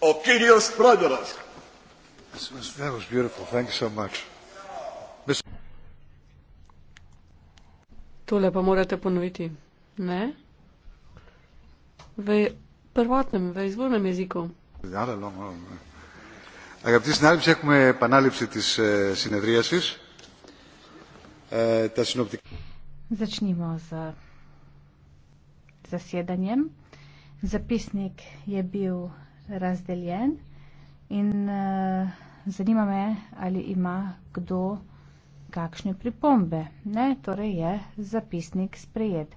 o Kyrios Pradoras. This was, that was beautiful. Thank you so much. Mis Tole pa morate ponoviti. Ne? V prvotnem, v izvornem jeziku. Αγαπητοί συνάδελφοι, έχουμε επανάληψη της ε, συνεδρίασης. Ε, τα συνοπτικά... Ζεκνίμω за заседанием. Записник е бил razdeljen. In uh, zanima me, ali ima kdo kakšne pripombe. Ne, torej je zapisnik sprejet.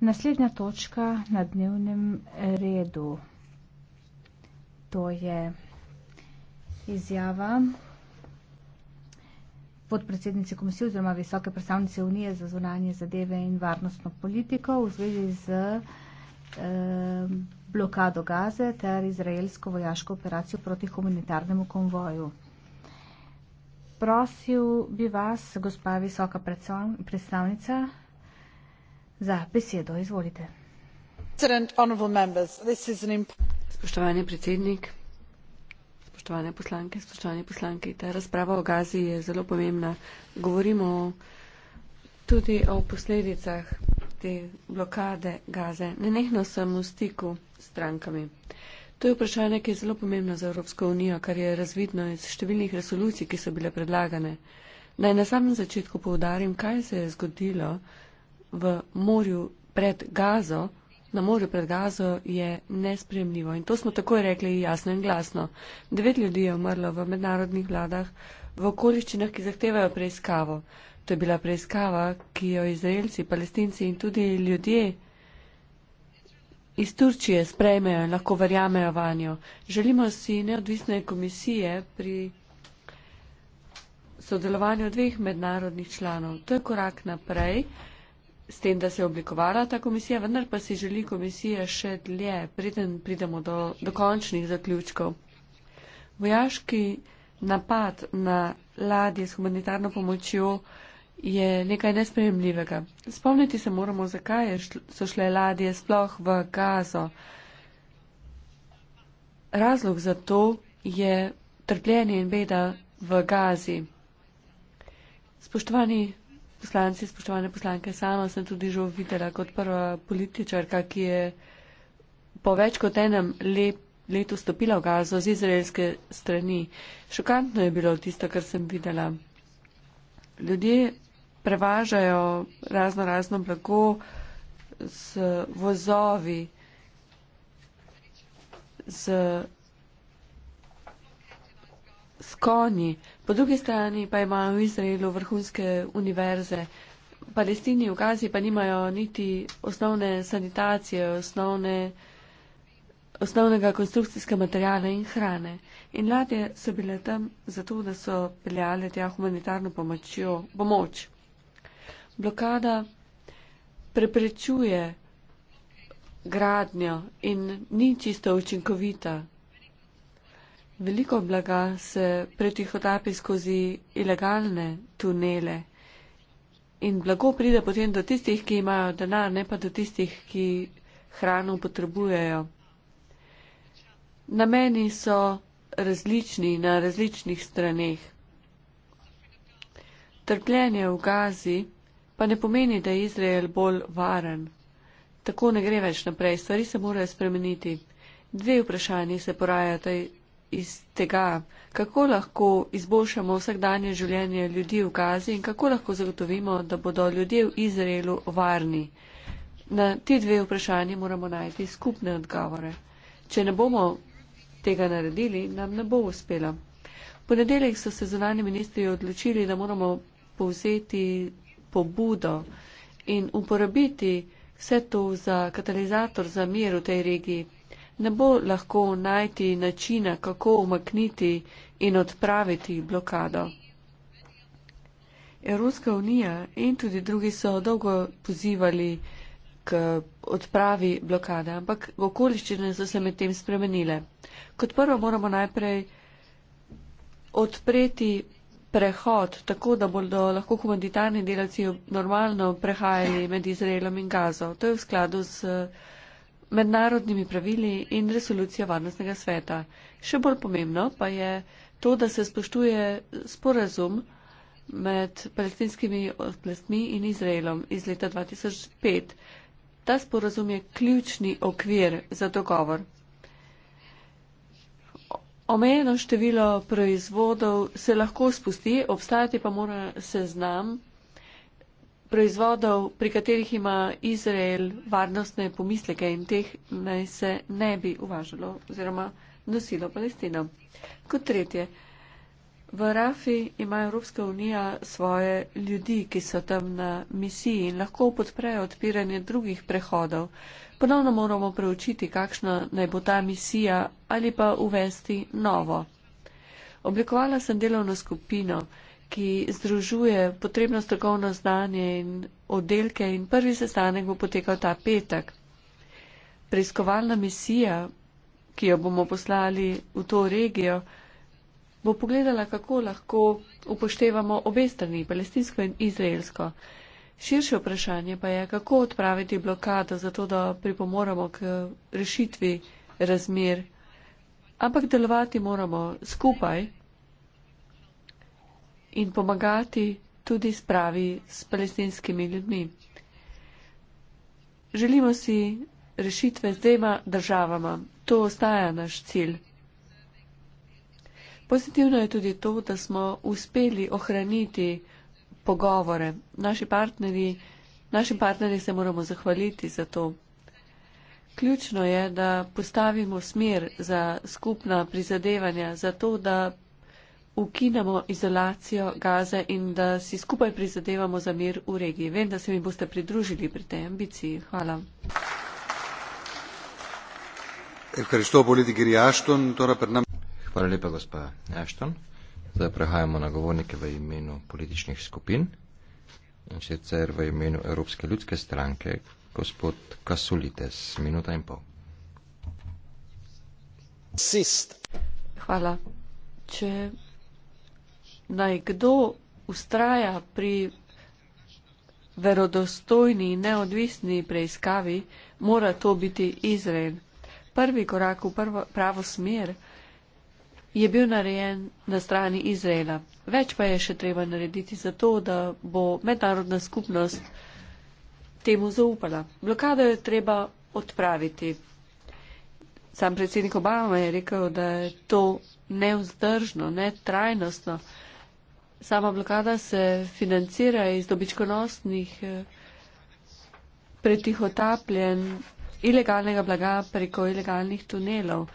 Naslednja točka na dnevnem redu. To je izjava podpredsednice komisije oziroma visoke predstavnice Unije za zunanje zadeve in varnostno politiko v zvezi z. Uh, blokado Gaze ter izraelsko vojaško operacijo proti humanitarnemu konvoju. Prosil bi vas, gospa visoka predstavnica, za besedo. Izvolite. Spoštovani predsednik, spoštovane poslanke, spoštovani poslanki, ta razprava o Gazi je zelo pomembna. Govorimo tudi o posledicah te blokade gaze. Nenehno sem v stiku s strankami. To je vprašanje, ki je zelo pomembno za Evropsko unijo, kar je razvidno iz številnih resolucij, ki so bile predlagane. Naj na samem začetku povdarim, kaj se je zgodilo v morju pred gazo. Na morju pred gazo je nespremljivo in to smo takoj rekli jasno in glasno. Devet ljudi je umrlo v mednarodnih vladah v okoliščinah, ki zahtevajo preiskavo. To je bila preiskava, ki jo izraelci, palestinci in tudi ljudje iz Turčije sprejmejo in lahko verjamejo vanjo. Želimo si neodvisne komisije pri sodelovanju dveh mednarodnih članov. To je korak naprej s tem, da se je oblikovala ta komisija, vendar pa si želi komisija še dlje, preden pridemo do, do končnih zaključkov. Vojaški napad na ladje s humanitarno pomočjo je nekaj nespremljivega. Spomniti se moramo, zakaj so šle ladje sploh v gazo. Razlog za to je trpljenje in beda v gazi. Spoštovani poslanci, spoštovane poslanke, sama sem tudi že videla kot prva političarka, ki je po več kot enem lep, letu stopila v gazo z izraelske strani. Šokantno je bilo tisto, kar sem videla. Ljudje prevažajo razno razno blago z vozovi, z, z konji. Po drugi strani pa imajo v Izraelu vrhunske univerze. Palestini v Gazi pa nimajo niti osnovne sanitacije, osnovne, osnovnega konstrukcijske materijale in hrane. In ladje so bile tam zato, da so peljale tja humanitarno pomočjo, pomoč blokada preprečuje gradnjo in ni čisto učinkovita. Veliko blaga se pretihotapi skozi ilegalne tunele in blago pride potem do tistih, ki imajo denar, ne pa do tistih, ki hrano potrebujejo. Nameni so različni na različnih straneh. Trpljenje v gazi pa ne pomeni, da je Izrael bolj varen. Tako ne gre več naprej, stvari se morajo spremeniti. Dve vprašanji se porajata iz tega, kako lahko izboljšamo vsakdanje življenje ljudi v Gazi in kako lahko zagotovimo, da bodo ljudje v Izraelu varni. Na ti dve vprašanji moramo najti skupne odgovore. Če ne bomo tega naredili, nam ne bo uspelo. V ponedeljek so se zunani ministri odločili, da moramo povzeti pobudo in uporabiti vse to za katalizator za mir v tej regiji, ne bo lahko najti načina, kako umakniti in odpraviti blokado. Evropska unija in tudi drugi so dolgo pozivali k odpravi blokade, ampak okoliščine so se med tem spremenile. Kot prvo moramo najprej odpreti prehod, tako da bodo lahko humanitarni delavci normalno prehajali med Izraelom in Gazo. To je v skladu z eh, mednarodnimi pravili in resolucijo Varnostnega sveta. Še bolj pomembno pa je to, da se spoštuje sporazum med palestinskimi oblastmi in Izraelom iz leta 2005. Ta sporazum je ključni okvir za dogovor. Omejeno število proizvodov se lahko spusti, obstajati pa mora seznam proizvodov, pri katerih ima Izrael varnostne pomisleke in teh naj se ne bi uvažalo oziroma nosilo Palestino. Kot tretje, V Rafi ima Evropska unija svoje ljudi, ki so tam na misiji in lahko podprejo odpiranje drugih prehodov. Ponovno moramo preučiti, kakšna naj bo ta misija ali pa uvesti novo. Oblikovala sem delovno skupino, ki združuje potrebno strokovno znanje in oddelke in prvi sestanek bo potekal ta petek. Preiskovalna misija, ki jo bomo poslali v to regijo, bo pogledala, kako lahko upoštevamo obe strani, palestinsko in izraelsko. Širše vprašanje pa je, kako odpraviti blokado, zato da pripomoramo k rešitvi razmer. Ampak delovati moramo skupaj in pomagati tudi spravi s palestinskimi ljudmi. Želimo si rešitve z dvema državama. To ostaja naš cilj. Pozitivno je tudi to, da smo uspeli ohraniti pogovore. Naši partneri, našim partnerjem se moramo zahvaliti za to. Ključno je, da postavimo smer za skupna prizadevanja, za to, da ukinemo izolacijo gaze in da si skupaj prizadevamo za mir v regiji. Vem, da se mi boste pridružili pri tej ambiciji. Hvala. Hvala lepa, gospa Ashton. Zdaj prehajamo na govornike v imenu političnih skupin in sicer v imenu Evropske ljudske stranke, gospod Kasulites, minuta in pol. Sist. Hvala. Če naj kdo ustraja pri verodostojni in neodvisni preiskavi, mora to biti Izrael. Prvi korak v prvo, pravo smer je bil narejen na strani Izraela. Več pa je še treba narediti za to, da bo mednarodna skupnost temu zaupala. Blokado je treba odpraviti. Sam predsednik Obama je rekel, da je to neuzdržno, netrajnostno. Sama blokada se financira iz dobičkonosnih eh, pretihotapljen ilegalnega blaga preko ilegalnih tunelov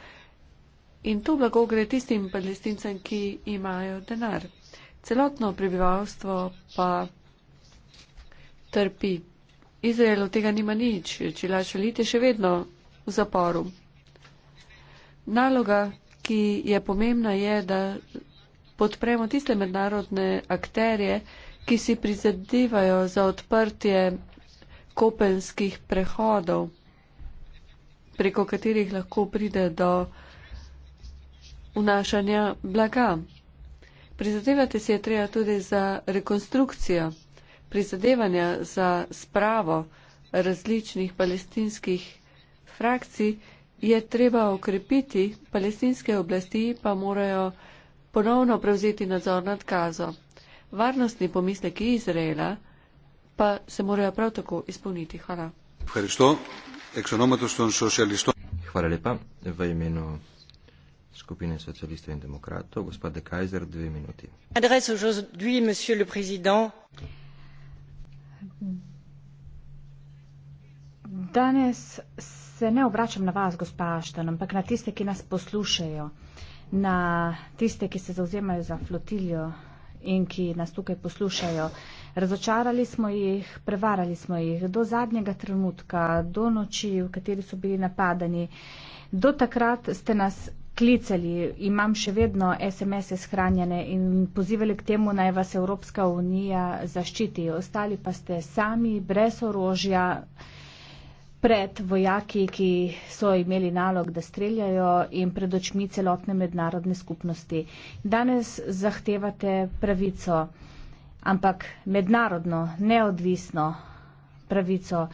in to blago gre tistim palestincem, ki imajo denar. Celotno prebivalstvo pa trpi. Izrael od tega nima nič, če la šalit je še vedno v zaporu. Naloga, ki je pomembna, je, da podpremo tiste mednarodne akterje, ki si prizadevajo za odprtje kopenskih prehodov, preko katerih lahko pride do vnašanja blaga. Prizadevati se je treba tudi za rekonstrukcijo, prizadevanja za spravo različnih palestinskih frakcij je treba okrepiti, palestinske oblasti pa morajo ponovno prevzeti nadzor nad kazo. Varnostni pomisleki Izraela pa se morajo prav tako izpolniti. Hvala. Hvala lepa. V imenu skupine socialistov in demokratov. Gospa De Kajzer, dve minuti. Adres aujourd'hui, monsieur le président. Danes se ne obračam na vas, gospa Aštan, ampak na tiste, ki nas poslušajo, na tiste, ki se zauzemajo za flotiljo in ki nas tukaj poslušajo. Razočarali smo jih, prevarali smo jih do zadnjega trenutka, do noči, v kateri so bili napadani. Do takrat ste nas klicali, imam še vedno SMS-e shranjene in pozivali k temu, naj vas Evropska unija zaščiti. Ostali pa ste sami, brez orožja, pred vojaki, ki so imeli nalog, da streljajo in pred očmi celotne mednarodne skupnosti. Danes zahtevate pravico, ampak mednarodno, neodvisno pravico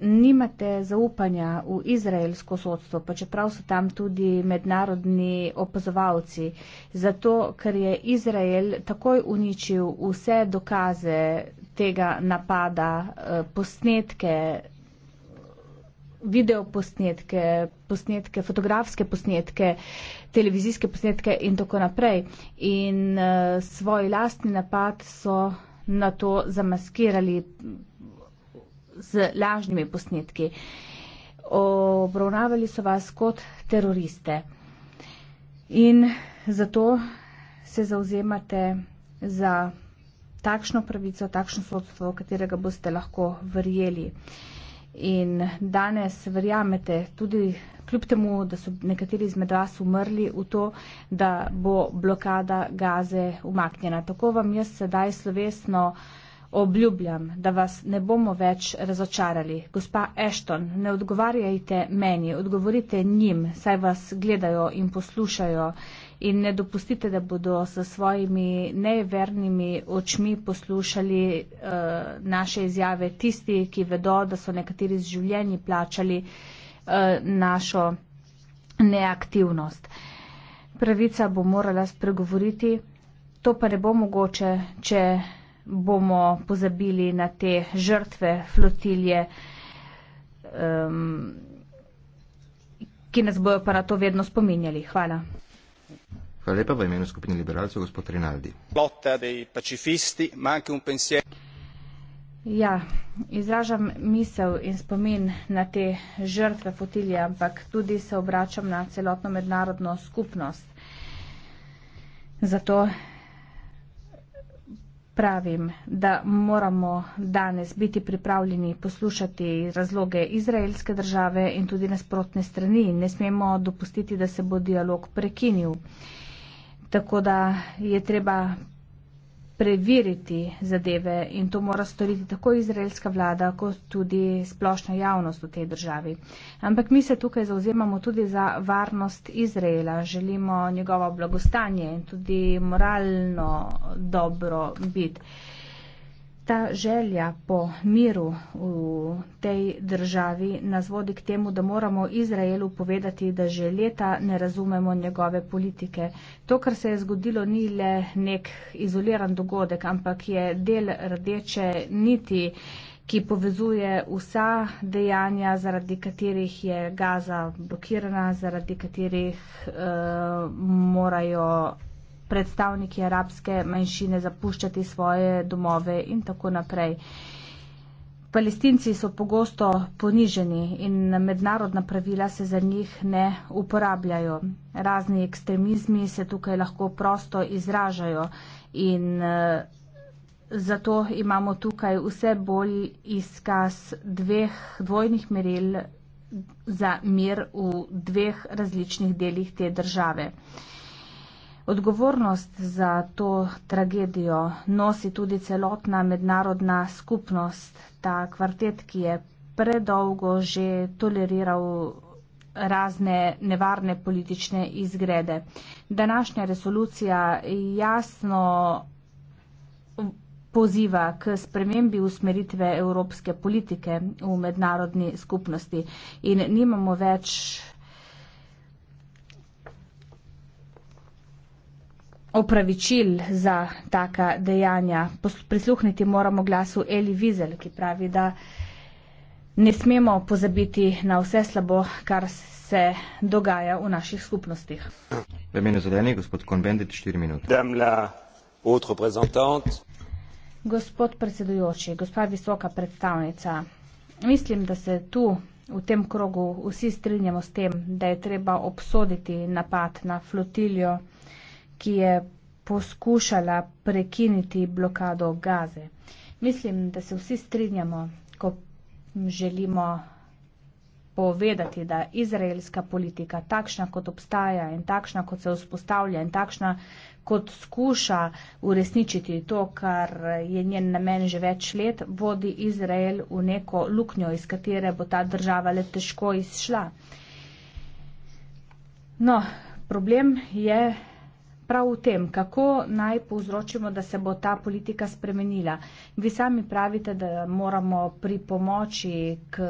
nimate zaupanja v izraelsko sodstvo, pa čeprav so tam tudi mednarodni opazovalci, zato ker je Izrael takoj uničil vse dokaze tega napada, eh, posnetke, videoposnetke, posnetke, fotografske posnetke, televizijske posnetke in tako naprej. In eh, svoj lastni napad so na to zamaskirali z lažnimi posnetki. Obravnavali so vas kot teroriste. In zato se zauzemate za takšno pravico, takšno sodstvo, katerega boste lahko verjeli. In danes verjamete tudi kljub temu, da so nekateri izmed vas umrli v to, da bo blokada gaze umaknjena. Tako vam jaz sedaj slovesno. Obljubljam, da vas ne bomo več razočarali. Gospa Ashton, ne odgovarjajte meni, odgovorite njim, saj vas gledajo in poslušajo in ne dopustite, da bodo s svojimi nevernimi očmi poslušali uh, naše izjave tisti, ki vedo, da so nekateri z življenji plačali uh, našo neaktivnost. Pravica bo morala spregovoriti, to pa ne bo mogoče, če bomo pozabili na te žrtve flotilje, um, ki nas bojo pa na to vedno spominjali. Hvala. Hvala lepa v imenu skupine liberalcev, gospod Rinaldi. Lotta dei pacifisti, manjke un pensier. Ja, izražam misel in spomin na te žrtve fotilje, ampak tudi se obračam na celotno mednarodno skupnost. Zato pravim, da moramo danes biti pripravljeni poslušati razloge izraelske države in tudi nasprotne strani. Ne smemo dopustiti, da se bo dialog prekinil. Tako da je treba preveriti zadeve in to mora storiti tako izraelska vlada, kot tudi splošna javnost v tej državi. Ampak mi se tukaj zauzemamo tudi za varnost Izraela, želimo njegovo blagostanje in tudi moralno dobro biti ta želja po miru v tej državi nas vodi k temu, da moramo Izraelu povedati, da že leta ne razumemo njegove politike. To, kar se je zgodilo, ni le nek izoliran dogodek, ampak je del rdeče niti ki povezuje vsa dejanja, zaradi katerih je Gaza blokirana, zaradi katerih uh, morajo predstavniki arabske manjšine zapuščati svoje domove in tako naprej. Palestinci so pogosto poniženi in mednarodna pravila se za njih ne uporabljajo. Razni ekstremizmi se tukaj lahko prosto izražajo in eh, zato imamo tukaj vse bolj izkaz dveh dvojnih meril za mir v dveh različnih delih te države. Odgovornost za to tragedijo nosi tudi celotna mednarodna skupnost, ta kvartet, ki je predolgo že toleriral razne nevarne politične izgrede. Današnja resolucija jasno poziva k spremembi usmeritve evropske politike v mednarodni skupnosti in nimamo več opravičil za taka dejanja. Prisluhniti moramo glasu Eli Wiesel, ki pravi, da ne smemo pozabiti na vse slabo, kar se dogaja v naših skupnostih. V imenu zadeni, gospod Konbendit, štiri minute. Gospod predsedujoči, gospa visoka predstavnica, mislim, da se tu v tem krogu vsi strinjamo s tem, da je treba obsoditi napad na flotiljo ki je poskušala prekiniti blokado gaze. Mislim, da se vsi strinjamo, ko želimo povedati, da izraelska politika, takšna kot obstaja in takšna kot se vzpostavlja in takšna kot skuša uresničiti to, kar je njen namen že več let, vodi Izrael v neko luknjo, iz katere bo ta država le težko izšla. No, problem je, prav v tem, kako naj povzročimo, da se bo ta politika spremenila. Vi sami pravite, da moramo pri pomoči k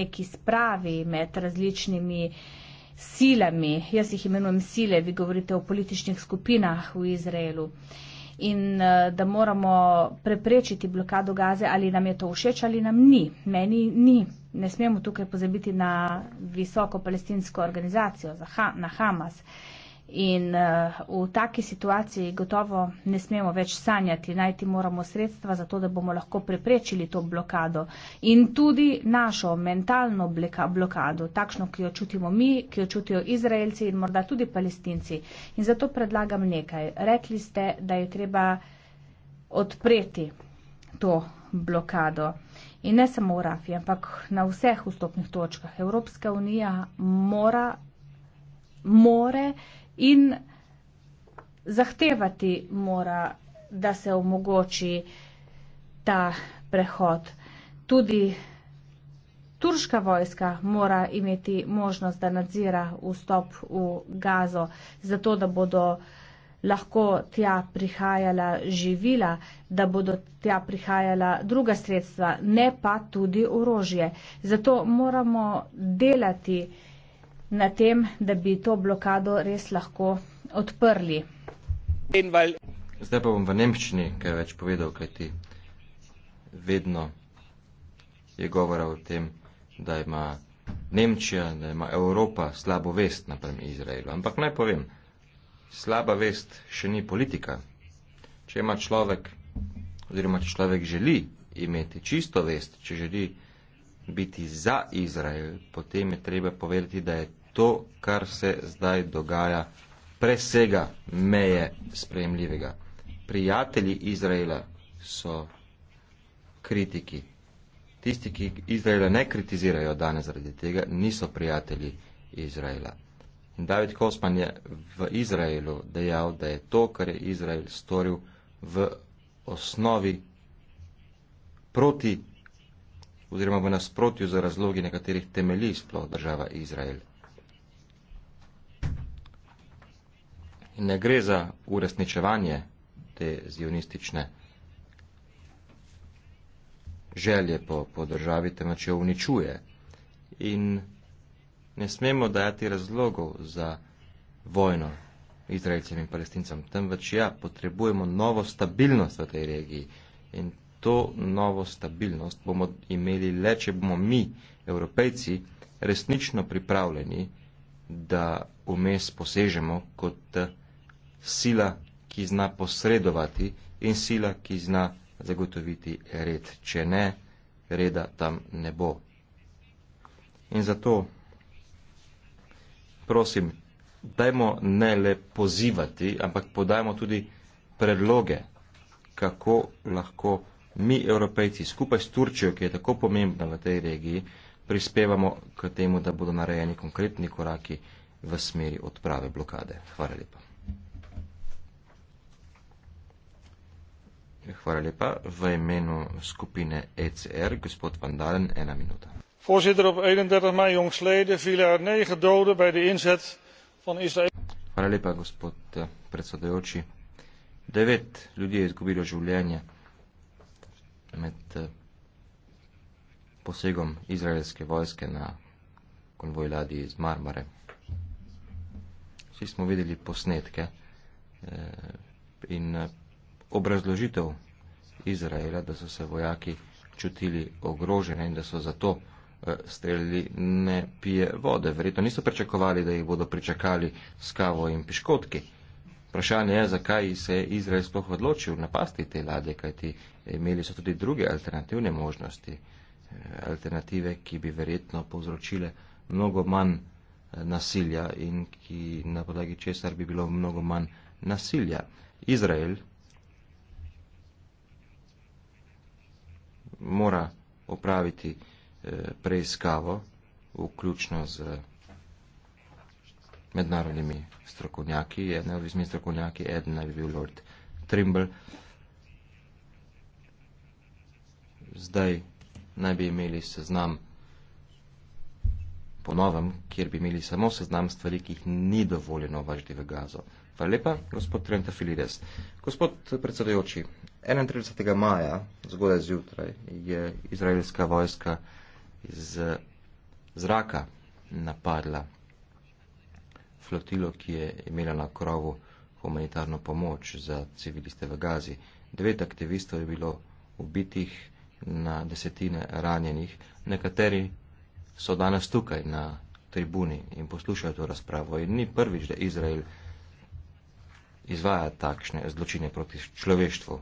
neki spravi med različnimi silami, jaz jih imenujem sile, vi govorite o političnih skupinah v Izraelu in eh, da moramo preprečiti blokado gaze, ali nam je to všeč ali nam ni. Meni ni. Ne smemo tukaj pozabiti na visoko palestinsko organizacijo, na Hamas. In eh, v taki situaciji gotovo ne smemo več sanjati, najti moramo sredstva za to, da bomo lahko preprečili to blokado in tudi našo mentalno blokado, takšno, ki jo čutimo mi, ki jo čutijo Izraelci in morda tudi palestinci. In zato predlagam nekaj. Rekli ste, da je treba odpreti to blokado. In ne samo v Rafi, ampak na vseh vstopnih točkah. Evropska unija mora, more, in zahtevati mora, da se omogoči ta prehod. Tudi turška vojska mora imeti možnost, da nadzira vstop v gazo, zato da bodo lahko tja prihajala živila, da bodo tja prihajala druga sredstva, ne pa tudi orožje. Zato moramo delati na tem, da bi to blokado res lahko odprli. Zdaj pa bom v nemščini kaj več povedal, kajti vedno je govora o tem, da ima Nemčija, da ima Evropa slabo vest naprem Izraelu. Ampak naj povem, slaba vest še ni politika. Če ima človek, oziroma če človek želi imeti čisto vest, če želi biti za Izrael, potem je treba povedati, da je to, kar se zdaj dogaja, presega meje sprejemljivega. Prijatelji Izraela so kritiki. Tisti, ki Izraela ne kritizirajo danes zaradi tega, niso prijatelji Izraela. In David Kosman je v Izraelu dejal, da je to, kar je Izrael storil, v osnovi proti oziroma v nasprotju z razlogi nekaterih temelji sploh država Izrael. ne gre za uresničevanje te zionistične želje po, po državi, temveč jo uničuje. In ne smemo dajati razlogov za vojno Izraelcem in Palestincem, temveč ja, potrebujemo novo stabilnost v tej regiji. In to novo stabilnost bomo imeli le, če bomo mi, evropejci, resnično pripravljeni, da vmes posežemo kot sila, ki zna posredovati in sila, ki zna zagotoviti red. Če ne, reda tam ne bo. In zato, prosim, dajmo ne le pozivati, ampak podajmo tudi predloge, kako lahko mi, evropejci, skupaj s Turčijo, ki je tako pomembna v tej regiji, prispevamo k temu, da bodo narejeni konkretni koraki v smeri odprave blokade. Hvala lepa. Hvala lepa. V imenu skupine ECR, gospod Vandalen, ena minuta. Voorzitter, op 31 maj jongsleden vielen er negen doden bij de inzet van Israël. Hvala lepa, gospod eh, predsedujoči. Devet ljudi je izgubilo življenje med eh, posegom izraelske vojske na konvoj ladji iz Marmare. Vsi smo videli posnetke eh, in obrazložitev Izraela, da so se vojaki čutili ogrožene in da so zato eh, streljali ne pije vode. Verjetno niso pričakovali, da jih bodo pričakali s kavo in piškotki. Vprašanje je, zakaj se je Izrael sploh odločil napasti te ladje, kajti imeli so tudi druge alternativne možnosti, eh, alternative, ki bi verjetno povzročile mnogo manj eh, nasilja in ki na podlagi česar bi bilo mnogo manj nasilja. Izrael mora opraviti eh, preiskavo, vključno z mednarodnimi strokovnjaki, neodvisni strokovnjaki, eden naj bi bil Lord Trimble. Zdaj naj bi imeli seznam po novem, kjer bi imeli samo seznam stvari, ki jih ni dovoljeno uvažati v gazo. Hvala lepa, gospod Trenta Filides. Gospod predsedojoči, 31. maja, zgodaj zjutraj, je izraelska vojska iz zraka napadla flotilo, ki je imela na krovu humanitarno pomoč za civiliste v Gazi. Devet aktivistov je bilo ubitih na desetine ranjenih, nekateri so danes tukaj na tribuni in poslušajo to razpravo. In ni prvič, da Izrael izvaja takšne zločine proti človeštvu.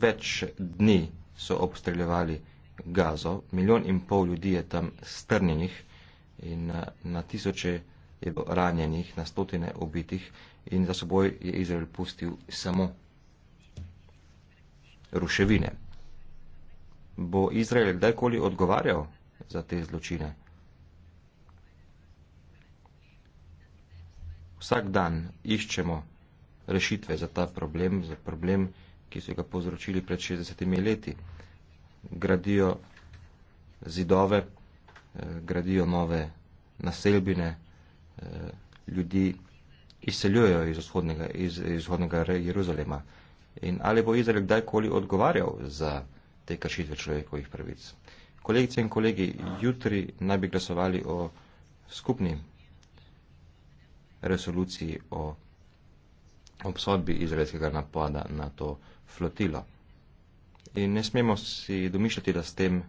Več dni so obstreljevali gazo, milijon in pol ljudi je tam strnjenih in na, eh, na tisoče je bilo ranjenih, na stotine ubitih in za seboj je Izrael pustil samo ruševine bo Izrael kdajkoli odgovarjal za te zločine? Vsak dan iščemo rešitve za ta problem, za problem, ki so ga povzročili pred 60 leti. Gradijo zidove, eh, gradijo nove naselbine, eh, ljudi izseljujejo iz vzhodnega, iz, iz vzhodnega Jeruzalema. In ali bo Izrael kdajkoli odgovarjal za te kršitve človekovih pravic. Kolegice in kolegi, jutri naj bi glasovali o skupni resoluciji o obsodbi izraelskega napada na to flotilo. In ne smemo si domišljati, da s tem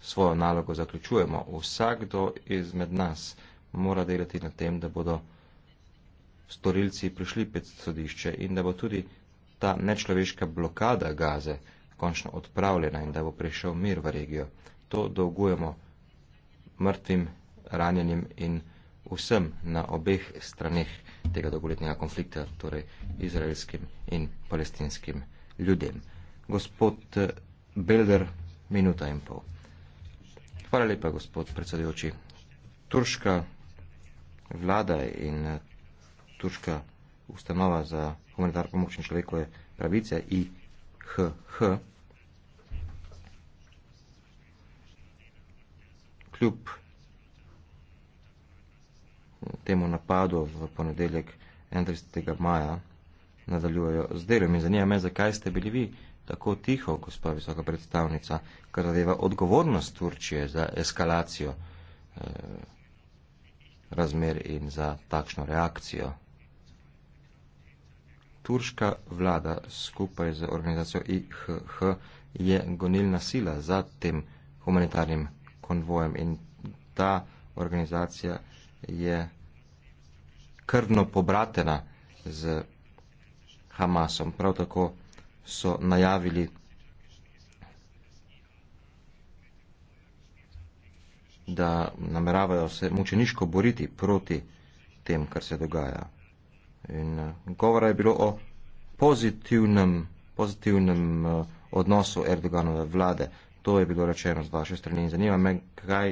svojo nalogo zaključujemo. Vsakdo izmed nas mora delati na tem, da bodo storilci prišli pred sodišče in da bo tudi ta nečloveška blokada gaze končno odpravljena in da bo prišel mir v regijo. To dolgujemo mrtvim, ranjenim in vsem na obeh straneh tega dolgoletnega konflikta, torej izraelskim in palestinskim ljudem. Gospod eh, Belder, minuta in pol. Hvala lepa, gospod predsedujoči. Turška vlada in eh, turška ustanova za humanitarno pomoč in človekove pravice IHH kljub temu napadu v ponedeljek 31. maja nadaljujejo z delom. In zanima me, zakaj ste bili vi tako tiho, gospa visoka predstavnica, kar zadeva odgovornost Turčije za eskalacijo eh, razmer in za takšno reakcijo. Turška vlada skupaj z organizacijo IHH je gonilna sila za tem humanitarnim konvojem. In ta organizacija je krvno pobratena z Hamasom. Prav tako so najavili da nameravajo se mučeniško boriti proti tem, kar se dogaja. In eh, govora je bilo o pozitivnem, pozitivnem eh, odnosu Erdoganove vlade to je bilo rečeno z vaše strani in zanima me, kaj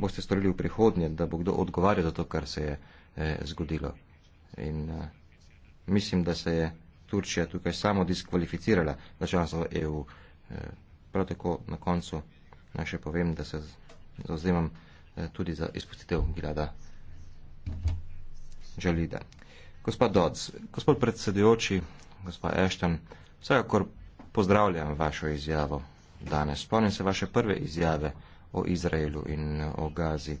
boste storili v prihodnje, da bo kdo odgovarjal za to, kar se je eh, zgodilo. In eh, mislim, da se je Turčija tukaj samo diskvalificirala za članstvo EU. Eh, prav tako na koncu naj še povem, da se zauzemam eh, tudi za izpustitev Gilada Žalida. Gospod Dodds, gospod predsedujoči, gospod Ešten, vsekakor pozdravljam vašo izjavo danes. Spomnim se vaše prve izjave o Izraelu in o Gazi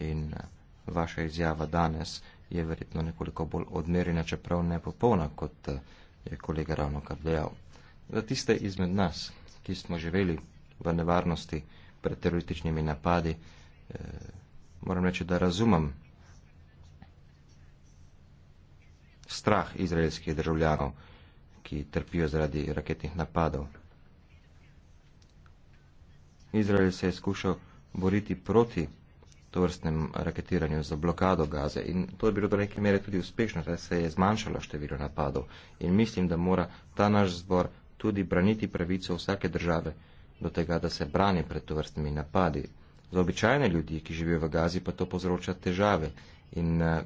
in vaša izjava danes je verjetno nekoliko bolj odmerjena, čeprav ne popolna, kot eh, je kolega ravno kar dejal. Za tiste izmed nas, ki smo živeli v nevarnosti pred terorističnimi napadi, eh, moram reči, da razumem strah izraelskih državljanov, ki trpijo zaradi raketnih napadov. Izrael se je skušal boriti proti tovrstnem raketiranju za blokado Gaze in to je bilo do neke mere tudi uspešno, da se je zmanjšalo število napadov in mislim, da mora ta naš zbor tudi braniti pravico vsake države do tega, da se brani pred tovrstnimi napadi. Za običajne ljudi, ki živijo v Gazi, pa to povzroča težave in eh,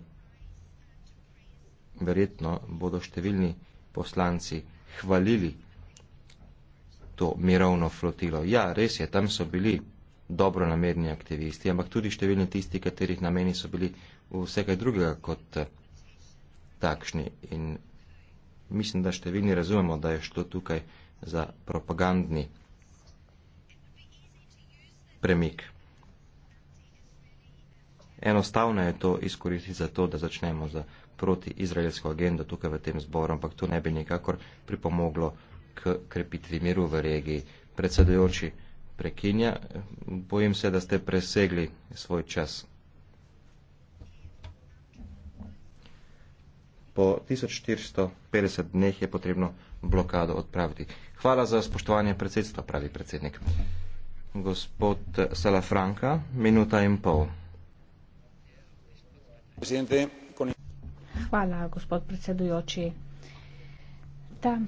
verjetno bodo številni poslanci hvalili to mirovno flotilo. Ja, res je, tam so bili dobro namerni aktivisti, ampak tudi številni tisti, katerih nameni so bili vsega drugega kot eh, takšni. In mislim, da številni razumemo, da je šlo tukaj za propagandni premik. Enostavno je to izkoristiti za to, da začnemo za protiizraelsko agendo tukaj v tem zboru, ampak to ne bi nikakor pripomoglo k krepitvi miru v regiji. Predsedujoči prekinja, bojim se, da ste presegli svoj čas. Po 1450 dneh je potrebno blokado odpraviti. Hvala za spoštovanje predsedstva, pravi predsednik. Gospod Salafranka, minuta in pol. Hvala, gospod predsedujoči. Da,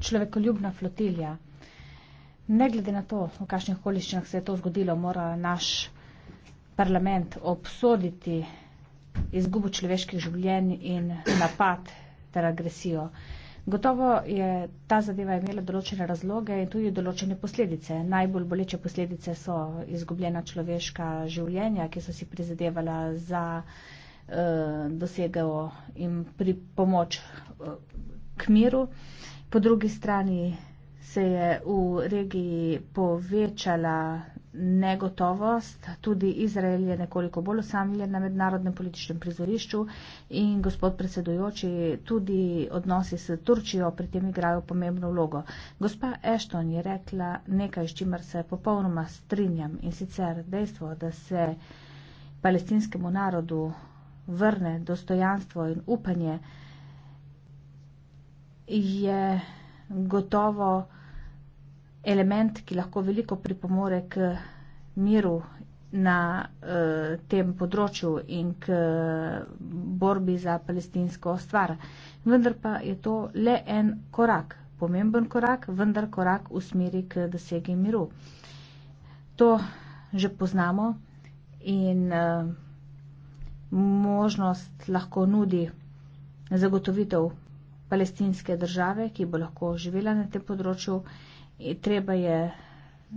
človekoljubna flotilja. Ne glede na to, v kakšnih okoliščinah se je to zgodilo, mora naš parlament obsoditi izgubo človeških življenj in napad ter agresijo. Gotovo je ta zadeva imela določene razloge in tudi določene posledice. Najbolj boleče posledice so izgubljena človeška življenja, ki so si prizadevala za eh, dosegel in pri pomoč eh, k miru. Po drugi strani se je v regiji povečala negotovost, tudi Izrael je nekoliko bolj osamljen na mednarodnem političnem prizorišču in gospod predsedujoči tudi odnosi s Turčijo pri tem igrajo pomembno vlogo. Gospa Ashton je rekla nekaj, s čimer se popolnoma strinjam in sicer dejstvo, da se palestinskemu narodu vrne dostojanstvo in upanje, je gotovo element, ki lahko veliko pripomore k miru na uh, tem področju in k eh, borbi za palestinsko stvar. Vendar pa je to le en korak, pomemben korak, vendar korak v smeri k dosegi miru. To že poznamo in uh, možnost lahko nudi zagotovitev palestinske države, ki bo lahko živela na tem področju. Treba je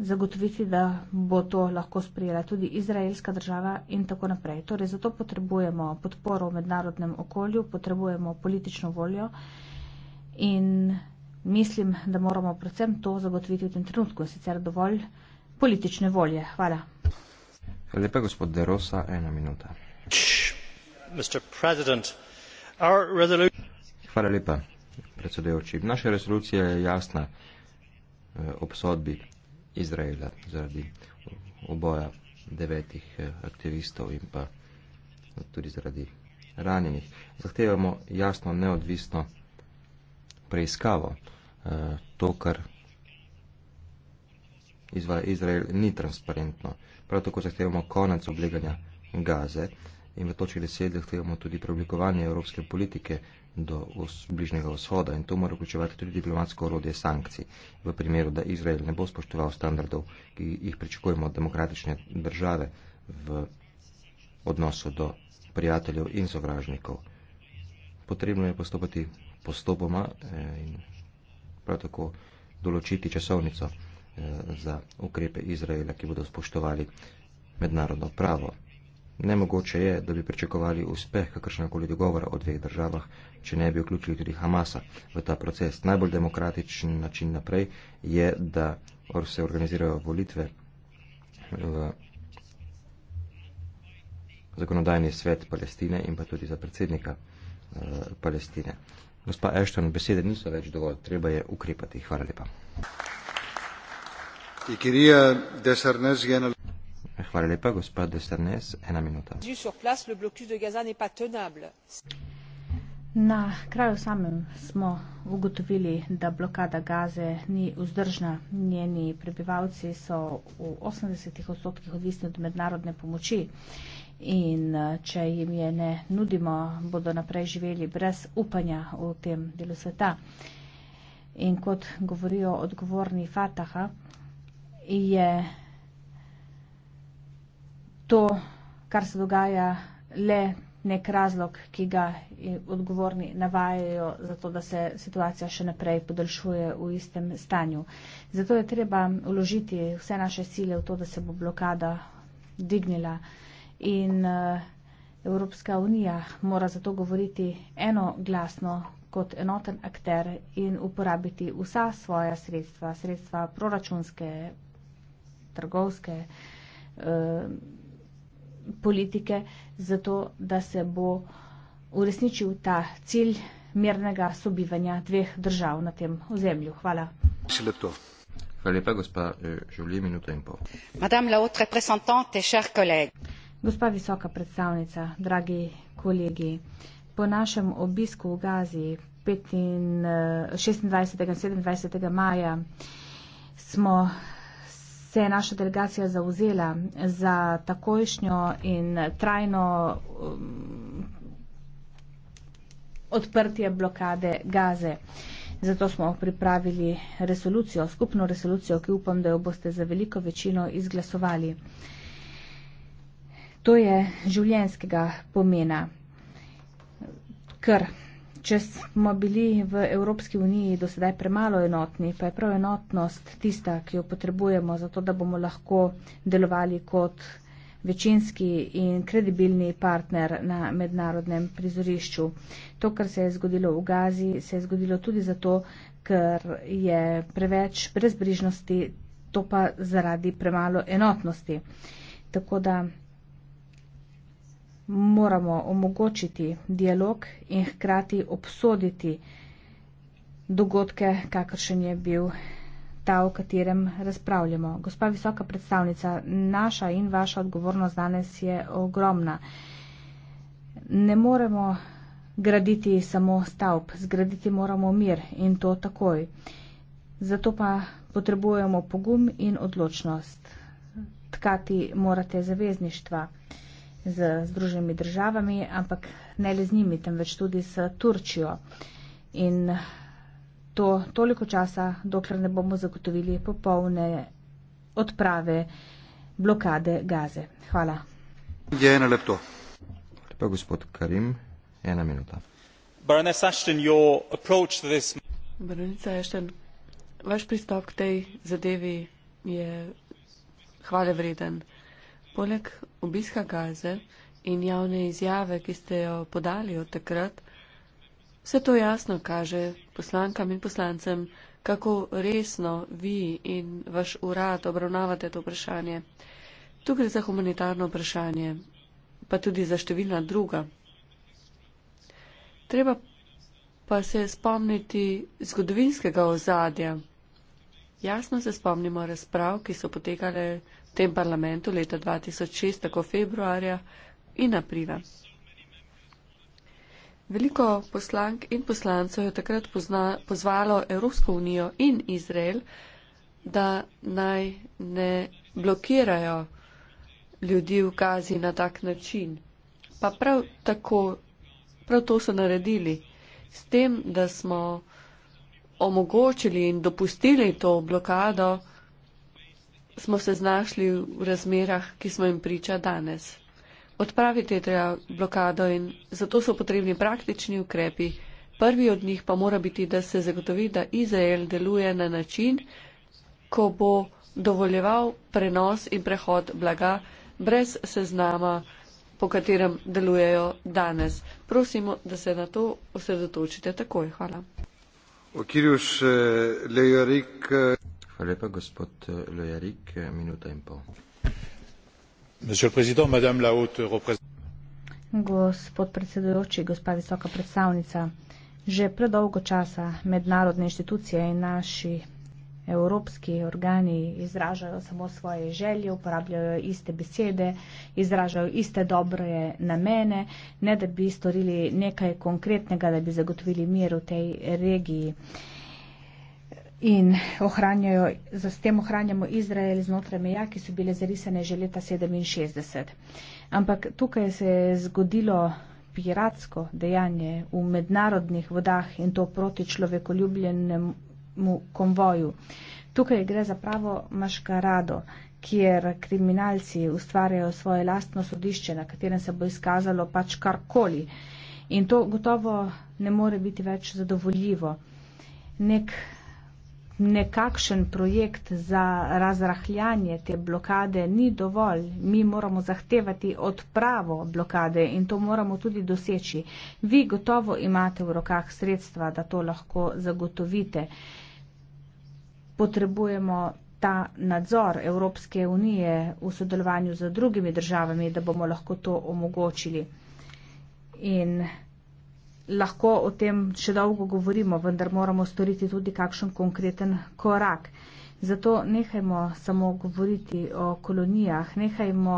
zagotoviti, da bo to lahko sprijela tudi izraelska država in tako naprej. Torej, zato potrebujemo podporo v mednarodnem okolju, potrebujemo politično voljo in mislim, da moramo predvsem to zagotoviti v tem trenutku, sicer dovolj politične volje. Hvala. Lepa gospod De Rosa, ena minuta. Mr. President, our resolution. Hvala lepa, predsedujoči. Naša resolucija je jasna eh, obsodbi Izraela zaradi oboja devetih eh, aktivistov in pa tudi zaradi ranjenih. Zahtevamo jasno, neodvisno preiskavo. Eh, to, kar izvaja Izrael, ni transparentno. Prav tako zahtevamo konec obleganja gaze in v točki deset zahtevamo tudi preoblikovanje evropske politike do bližnjega vzhoda in to mora vključevati tudi diplomatsko orodje sankcij. V primeru, da Izrael ne bo spoštoval standardov, ki jih pričakujemo od demokratične države v odnosu do prijateljev in sovražnikov, potrebno je postopati postopoma eh, in prav tako določiti časovnico eh, za ukrepe Izraela, ki bodo spoštovali mednarodno pravo. Nemogoče je, da bi pričakovali uspeh kakršnakoli dogovora o dveh državah, če ne bi vključili tudi Hamasa v ta proces. Najbolj demokratičen način naprej je, da se organizirajo volitve v zakonodajni svet Palestine in pa tudi za predsednika uh, Palestine. Gospa Ashton, besede niso več dovolj, treba je ukrepati. Hvala lepa. Ikirija, Hvala lepa, gospod Desternes, ena minuta. Na kraju samem smo ugotovili, da blokada Gaze ni vzdržna. Njeni prebivalci so v 80 odstotkih odvisni od mednarodne pomoči in eh, če jim je ne nudimo, bodo naprej živeli brez upanja v tem delu sveta. In kot govorijo odgovorni Fataha, je to, kar se dogaja, le nek razlog, ki ga odgovorni navajajo za to, da se situacija še naprej podaljšuje v istem stanju. Zato je treba uložiti vse naše sile v to, da se bo blokada dignila in eh, Evropska unija mora zato govoriti eno glasno kot enoten akter in uporabiti vsa svoja sredstva, sredstva proračunske, trgovske, eh, politike, zato da se bo uresničil ta cilj mirnega sobivanja dveh držav na tem ozemlju. Hvala. Hvala lepa, gospa eh, Žulji, minuto in pol. Madame la haute représentante, cher collègue. Gospa visoka predstavnica, dragi kolegi, po našem obisku v Gazi 25, 26. Eh, in 27. maja smo se je naša delegacija zauzela za takojšnjo in trajno um, odprtje blokade Gaze. Zato smo pripravili resolucijo, skupno resolucijo, ki upam, da jo boste za veliko večino izglasovali. To je življenskega pomena. Ker če smo bili v Evropski uniji do sedaj premalo enotni, pa je prav enotnost tista, ki jo potrebujemo za to, da bomo lahko delovali kot večinski in kredibilni partner na mednarodnem prizorišču. To, kar se je zgodilo v Gazi, se je zgodilo tudi zato, ker je preveč brezbrižnosti, to pa zaradi premalo enotnosti. Tako da moramo omogočiti dialog in hkrati obsoditi dogodke, kakršen je bil ta, o katerem razpravljamo. Gospa visoka predstavnica, naša in vaša odgovornost danes je ogromna. Ne moremo graditi samo stavb, zgraditi moramo mir in to takoj. Zato pa potrebujemo pogum in odločnost. Tkati morate zavezništva z Združenimi državami, ampak ne le z njimi, temveč tudi s Turčijo. In to toliko časa, dokler ne bomo zagotovili popolne odprave blokade Gaze. Hvala. Je eno lepto. Lepo, gospod Karim, ena minuta. Baronesa Ashton, this... Ashton, vaš pristop k tej zadevi je hvale vreden. Poleg obiska Gaze in javne izjave, ki ste jo podali od takrat, vse to jasno kaže poslankam in poslancem, kako resno vi in vaš urad obravnavate to vprašanje. Tu gre za humanitarno vprašanje, pa tudi za številna druga. Treba pa se spomniti zgodovinskega ozadja. Jasno se spomnimo razprav, ki so potekale v tem parlamentu leta 2006, tako februarja in aprila. Veliko poslank in poslancev je takrat pozna, pozvalo Evropsko unijo in Izrael, da naj ne blokirajo ljudi v Gazi na tak način. Pa prav tako, prav to so naredili. S tem, da smo omogočili in dopustili to blokado, smo se znašli v razmerah, ki smo jim priča danes. Odpraviti je treba blokado in zato so potrebni praktični ukrepi. Prvi od njih pa mora biti, da se zagotovi, da Izrael deluje na način, ko bo dovoljeval prenos in prehod blaga brez seznama, po katerem delujejo danes. Prosimo, da se na to osredotočite takoj. Hvala. Okirjus, uh, eh, Hvala lepa, gospod eh, Lojarik, eh, minuta in pol. Gospod predsedujoči, gospa visoka predstavnica, že predolgo časa mednarodne inštitucije in naši evropski organi izražajo samo svoje želje, uporabljajo iste besede, izražajo iste dobre namene, ne da bi storili nekaj konkretnega, da bi zagotovili mir v tej regiji. Uh, in ohranjajo, s tem ohranjamo Izrael znotraj meja, ki so bile zarisane že leta 67. Ampak tukaj se je zgodilo piratsko dejanje v mednarodnih vodah in to proti človekoljubljenemu konvoju. Tukaj gre za pravo maškarado, kjer kriminalci ustvarjajo svoje lastno sodišče, na katerem se bo izkazalo pač karkoli. In to gotovo ne more biti več zadovoljivo. Nek nekakšen projekt za razrahljanje te blokade ni dovolj. Mi moramo zahtevati odpravo blokade in to moramo tudi doseči. Vi gotovo imate v rokah sredstva, da to lahko zagotovite. Potrebujemo ta nadzor Evropske unije v sodelovanju z drugimi državami, da bomo lahko to omogočili. In lahko o tem še dolgo govorimo, vendar moramo storiti tudi kakšen konkreten korak. Zato nehajmo samo govoriti o kolonijah, nehajmo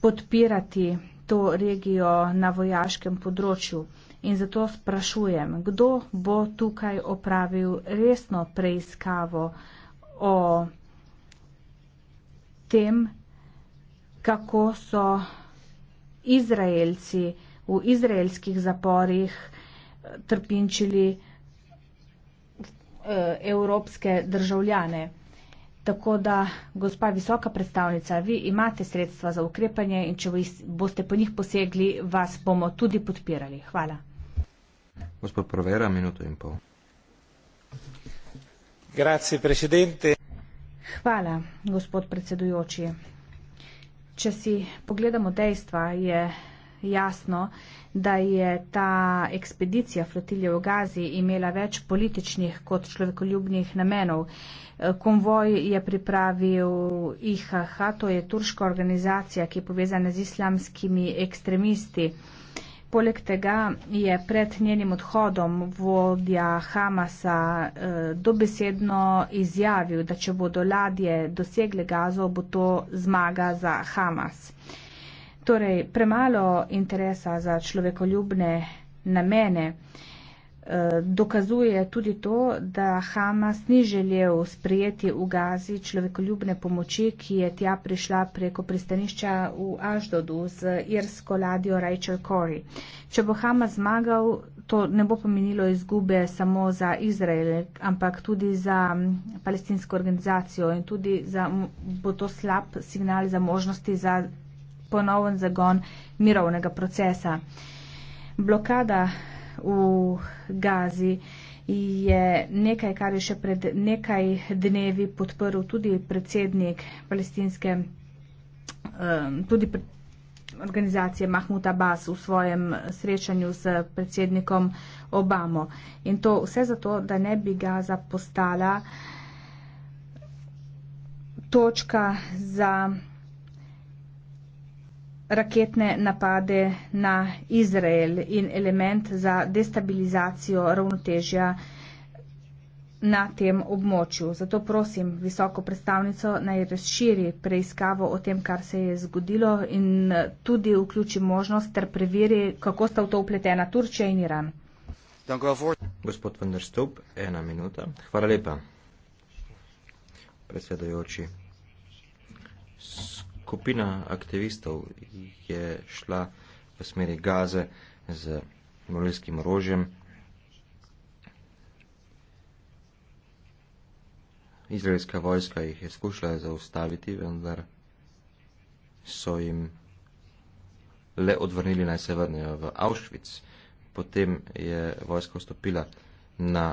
podpirati to regijo na vojaškem področju. In zato sprašujem, kdo bo tukaj opravil resno preiskavo o tem, kako so Izraelci v izraelskih zaporih eh, trpinčili eh, evropske državljane. Tako da, gospa visoka predstavnica, vi imate sredstva za ukrepanje in če boste po njih posegli, vas bomo tudi podpirali. Hvala. Gospod Provera, minuto in pol. Grazie, presidente. Hvala, gospod predsedujoči. Če si pogledamo dejstva, je jasno, da je ta ekspedicija flotilje v Gazi imela več političnih kot človekoljubnih namenov. Eh, konvoj je pripravil IHH, to je turška organizacija, ki je povezana z islamskimi ekstremisti. Poleg tega je pred njenim odhodom vodja Hamasa eh, dobesedno izjavil, da če bodo ladje dosegle gazo, bo to zmaga za Hamas torej premalo interesa za človekoljubne namene. Eh, dokazuje tudi to, da Hamas ni želel sprejeti v Gazi človekoljubne pomoči, ki je tja prišla preko pristanišča v Aždodu z irsko ladjo Rachel Corey. Če bo Hamas zmagal, to ne bo pomenilo izgube samo za Izrael, ampak tudi za palestinsko organizacijo in tudi za, bo to slab signal za možnosti za ponoven zagon mirovnega procesa. Blokada v Gazi je nekaj, kar je še pred nekaj dnevi podprl tudi predsednik palestinske, tudi organizacije Mahmud Abbas v svojem srečanju s predsednikom Obamo. In to vse zato, da ne bi Gaza postala točka za raketne napade na Izrael in element za destabilizacijo ravnotežja na tem območju. Zato prosim visoko predstavnico naj razširi preiskavo o tem, kar se je zgodilo in eh, tudi vključi možnost ter preveri, kako sta v to upletena Turčija in Iran. Gospod Vendrstup, ena minuta. Hvala lepa. Predsedajoči. S skupina aktivistov je šla v smeri gaze z molilskim orožjem. Izraelska vojska jih je skušala zaustaviti, vendar so jim le odvrnili naj se vrnejo v Auschwitz. Potem je vojska vstopila na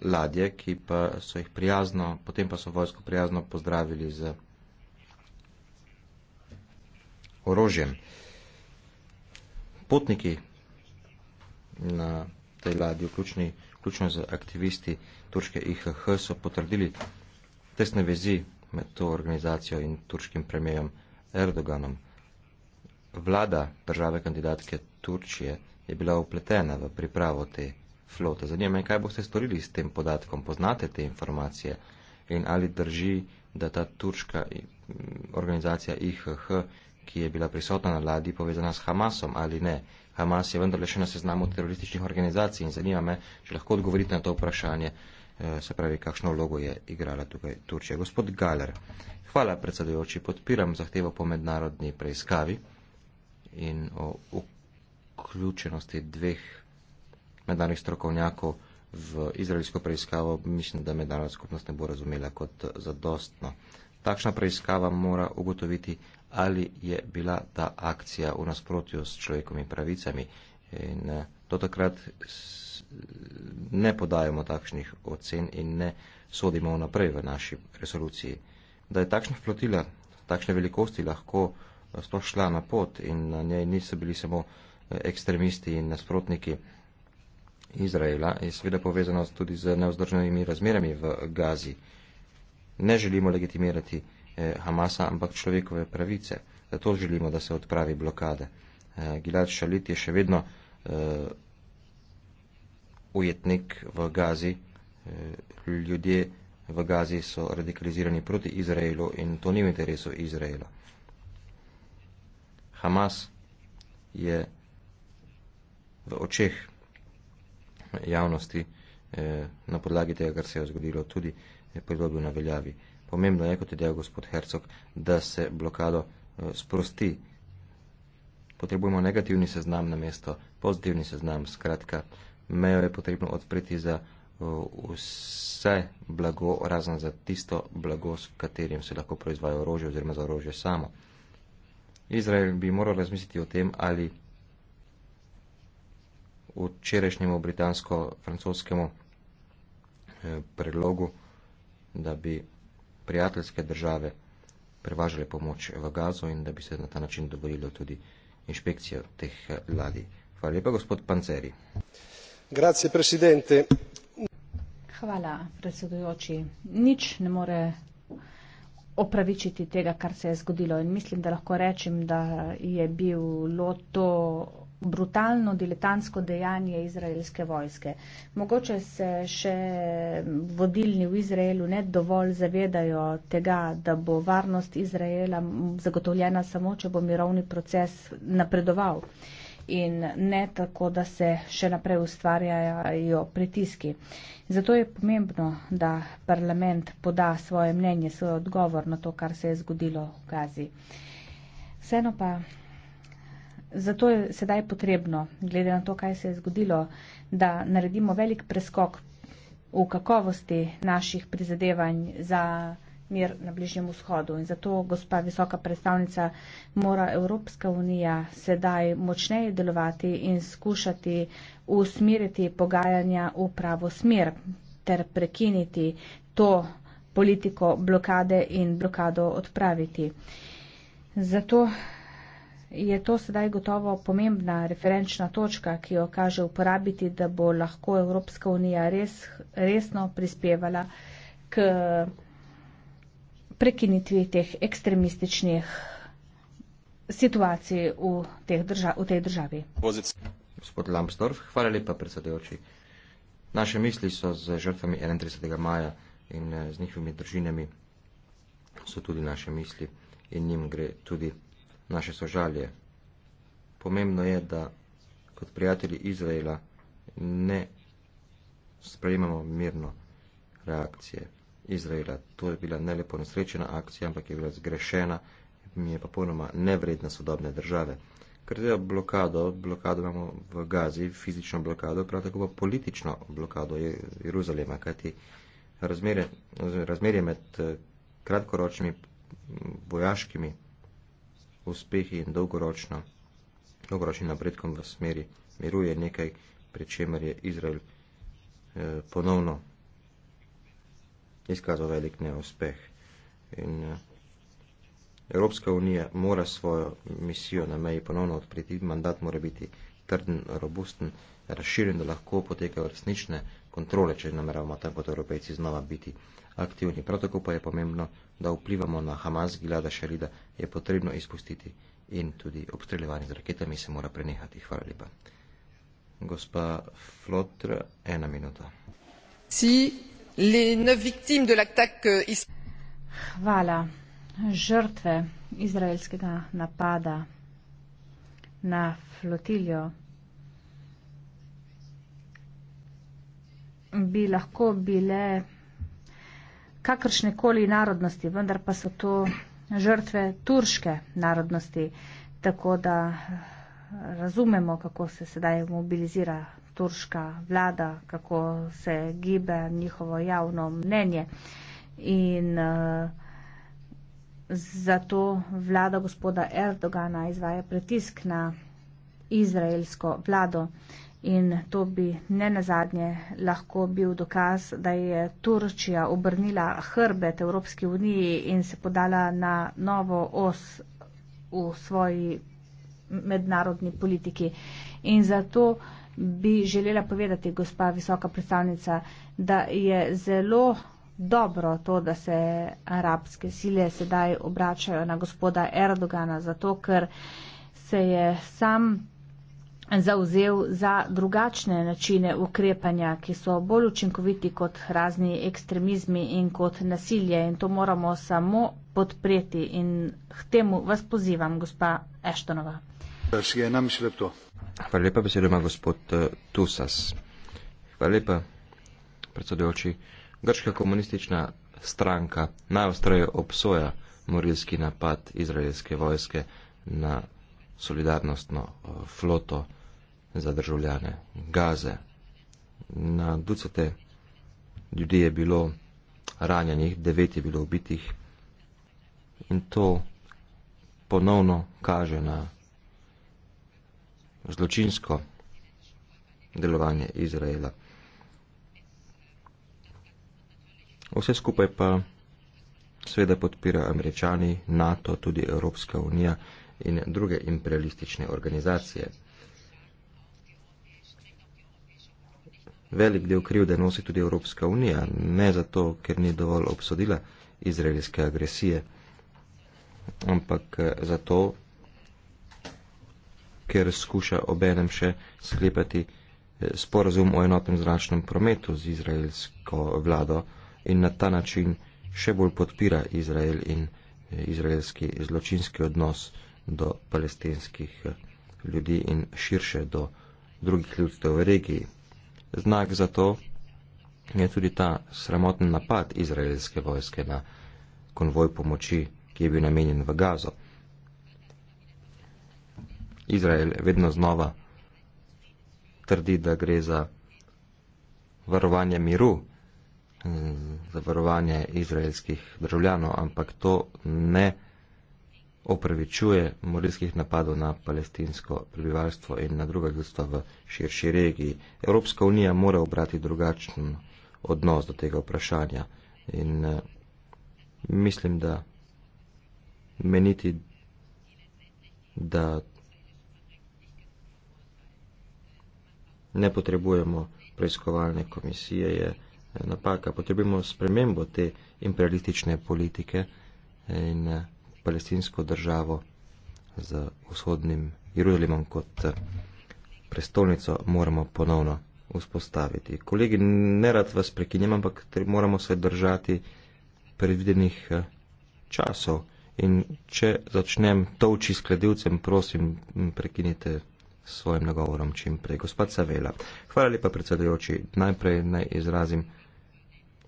ladje, ki pa so jih prijazno, potem pa so vojsko prijazno pozdravili z orožjem. Potniki na tej ladji, vključno z aktivisti turške IHH, so potrdili tesne vezi med to organizacijo in turškim premijem Erdoganom. Vlada države kandidatke Turčije je bila upletena v pripravo te flote. Zanima me, kaj boste storili s tem podatkom, poznate te informacije in ali drži, da ta turška organizacija IHH ki je bila prisotna na ladji povezana s Hamasom ali ne. Hamas je vendarle še na seznamu terorističnih organizacij in zanima me, če lahko odgovorite na to vprašanje, eh, se pravi, kakšno vlogo je igrala tukaj Turčija. Gospod Galer, hvala predsedujoči, podpiram zahtevo po mednarodni preiskavi in o vključenosti dveh mednarodnih strokovnjakov v izraelsko preiskavo, mislim, da mednarodna skupnost ne bo razumela kot zadostno. Takšna preiskava mora ugotoviti, ali je bila ta akcija v nasprotju s človekovimi pravicami. In eh, do takrat ne podajamo takšnih ocen in ne sodimo naprej v naši resoluciji. Da je takšna flotila, takšne velikosti lahko eh, sploh šla na pot in na njej niso bili samo eh, ekstremisti in nasprotniki Izraela, je seveda povezano tudi z neozdržnimi razmerami v Gazi ne želimo legitimirati eh, Hamasa, ampak človekove pravice. Zato želimo, da se odpravi blokade. Eh, Gilad Šalit je še vedno eh, ujetnik v Gazi. Eh, ljudje v Gazi so radikalizirani proti Izraelu in to ni v interesu Izraela. Hamas je v očeh javnosti eh, na podlagi tega, kar se je zgodilo tudi eh, je pridobil na veljavi. Pomembno je, kot je dejal gospod Hercog, da se blokado eh, sprosti. Potrebujemo negativni seznam na mesto, pozitivni seznam, skratka, mejo je potrebno odpreti za eh, vse blago, razen za tisto blago, s katerim se lahko proizvaja orožje oziroma za orožje samo. Izrael bi moral razmisliti o tem, ali včerajšnjemu britansko-francoskemu eh, predlogu, da bi prijateljske države prevažale pomoč v Gazo in da bi se na ta način dogovorilo tudi inšpekcijo teh eh, ladij. Hvala lepa, gospod Panceri. Grazie, presidente. Hvala, predsedujoči. Nič ne more opravičiti tega, kar se je zgodilo in mislim, da lahko rečem, da je bil to brutalno diletantsko dejanje izraelske vojske. Mogoče se še vodilni v Izraelu ne dovolj zavedajo tega, da bo varnost Izraela zagotovljena samo, če bo mirovni proces napredoval in ne tako, da se še naprej ustvarjajo pritiski. Zato je pomembno, da parlament poda svoje mnenje, svoj odgovor na to, kar se je zgodilo v Gazi. Vseeno pa zato je sedaj potrebno, glede na to, kaj se je zgodilo, da naredimo velik preskok v kakovosti naših prizadevanj za mir na Bližnjem vzhodu. In zato, gospa visoka predstavnica, mora Evropska unija sedaj močneje delovati in skušati usmeriti pogajanja v pravo smer ter prekiniti to politiko blokade in blokado odpraviti. Zato je to sedaj gotovo pomembna referenčna točka, ki jo kaže uporabiti, da bo lahko Evropska unija res, resno prispevala k prekinitvi teh ekstremističnih situacij v, teh drža v tej državi. Gospod Lambsdorff, hvala lepa predsedujoči. Naše misli so z žrtvami 31. maja in eh, z njihovimi družinami so tudi naše misli in njim gre tudi naše sožalje. Pomembno je, da kot prijatelji Izraela ne sprejemamo mirno reakcije Izraela. To je bila ne le ponesrečena akcija, ampak je bila zgrešena in je popolnoma nevredna sodobne države. Ker je blokado, blokado imamo v Gazi, fizično blokado, prav tako pa politično blokado Jeruzalema, kajti razmerje, razmerje med eh, kratkoročnimi vojaškimi uspehi in dolgoročno, dolgoročnim napredkom v smeri miru je nekaj, pri čemer je Izrael eh, ponovno izkazal velik neuspeh. In eh, Evropska unija mora svojo misijo na meji ponovno odpreti, mandat mora biti trden, robusten, razširjen, da lahko potekajo resnične kontrole, če nameravamo tam kot evropejci znova biti aktivni. Prav tako pa je pomembno, da vplivamo na Hamas, Gilada Šarida, je potrebno izpustiti in tudi obstreljevanje z raketami se mora prenehati. Hvala lepa. Gospa Flotr, ena minuta. Si, le nov viktim de l'attack euh, is... Hvala. Žrtve izraelskega napada na flotiljo bi lahko bile kakršne koli narodnosti, vendar pa so to žrtve turške narodnosti, tako da eh, razumemo, kako se sedaj mobilizira turška vlada, kako se gibe njihovo javno mnenje. In uh, zato vlada gospoda Erdogana izvaja pritisk na izraelsko vlado. Uh, In to bi ne nazadnje lahko bil dokaz, da je Turčija obrnila hrbet Evropski uniji in se podala na novo os v svoji mednarodni politiki. In zato bi želela povedati, gospa visoka predstavnica, da je zelo dobro to, da se arabske sile sedaj obračajo na gospoda Erdogana, zato ker se je sam zauzel za drugačne načine ukrepanja, ki so bolj učinkoviti kot razni ekstremizmi in kot nasilje in to moramo samo podpreti in k temu vas pozivam, gospa Eštonova. Hvala lepa, besedo ima gospod eh, Tusas. Hvala lepa, predsedujoči. Grška komunistična stranka najostreje obsoja morilski napad izraelske vojske na solidarnostno eh, floto za državljane Gaze. Na ducete ljudi je bilo ranjenih, devet je bilo ubitih in to ponovno kaže na zločinsko delovanje Izraela. Vse skupaj pa sveda podpira američani, NATO, tudi Evropska unija in druge imperialistične organizacije. Velik del krivde nosi tudi Evropska unija, ne zato, ker ni dovolj obsodila izraelske agresije, ampak eh, zato, ker skuša obenem še sklepati eh, sporazum o enotnem zračnem prometu z izraelsko vlado in na ta način še bolj podpira Izrael in eh, izraelski zločinski odnos do palestinskih ljudi in širše do drugih ljudstev v regiji. Znak za to je tudi ta sramoten napad izraelske vojske na konvoj pomoči, ki je bil namenjen v Gazo. Izrael vedno znova trdi, da gre za varovanje miru, za varovanje izraelskih državljanov, ampak to ne opravičuje morilskih napadov na palestinsko prebivalstvo in na druga ljudstva v širši regiji. Evropska unija mora obrati drugačen odnos do tega vprašanja in eh, mislim, da meniti, da ne potrebujemo preiskovalne komisije je eh, napaka. Potrebujemo spremembo te imperialistične politike in eh, palestinsko državo z vzhodnim Jeruzalemom kot eh, prestolnico moramo ponovno vzpostaviti. Kolegi, nerad vas prekinjam, ampak moramo se držati predvidenih eh, časov. In če začnem tovči s kladivcem, prosim, prekinite s svojim nagovorom čim prej. Gospod Savela, hvala lepa predsedujoči. Najprej naj izrazim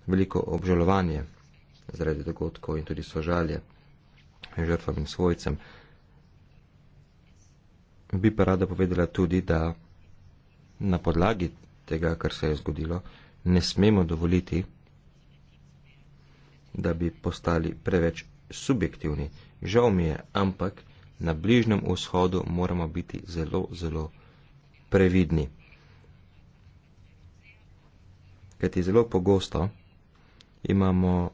veliko obžalovanje zaradi dogodkov in tudi sožalje žrtvam in svojcem. Bi pa rada povedala tudi, da na podlagi tega, kar se je zgodilo, ne smemo dovoliti, da bi postali preveč subjektivni. Žal mi je, ampak na bližnjem vzhodu moramo biti zelo, zelo previdni. Kajti zelo pogosto imamo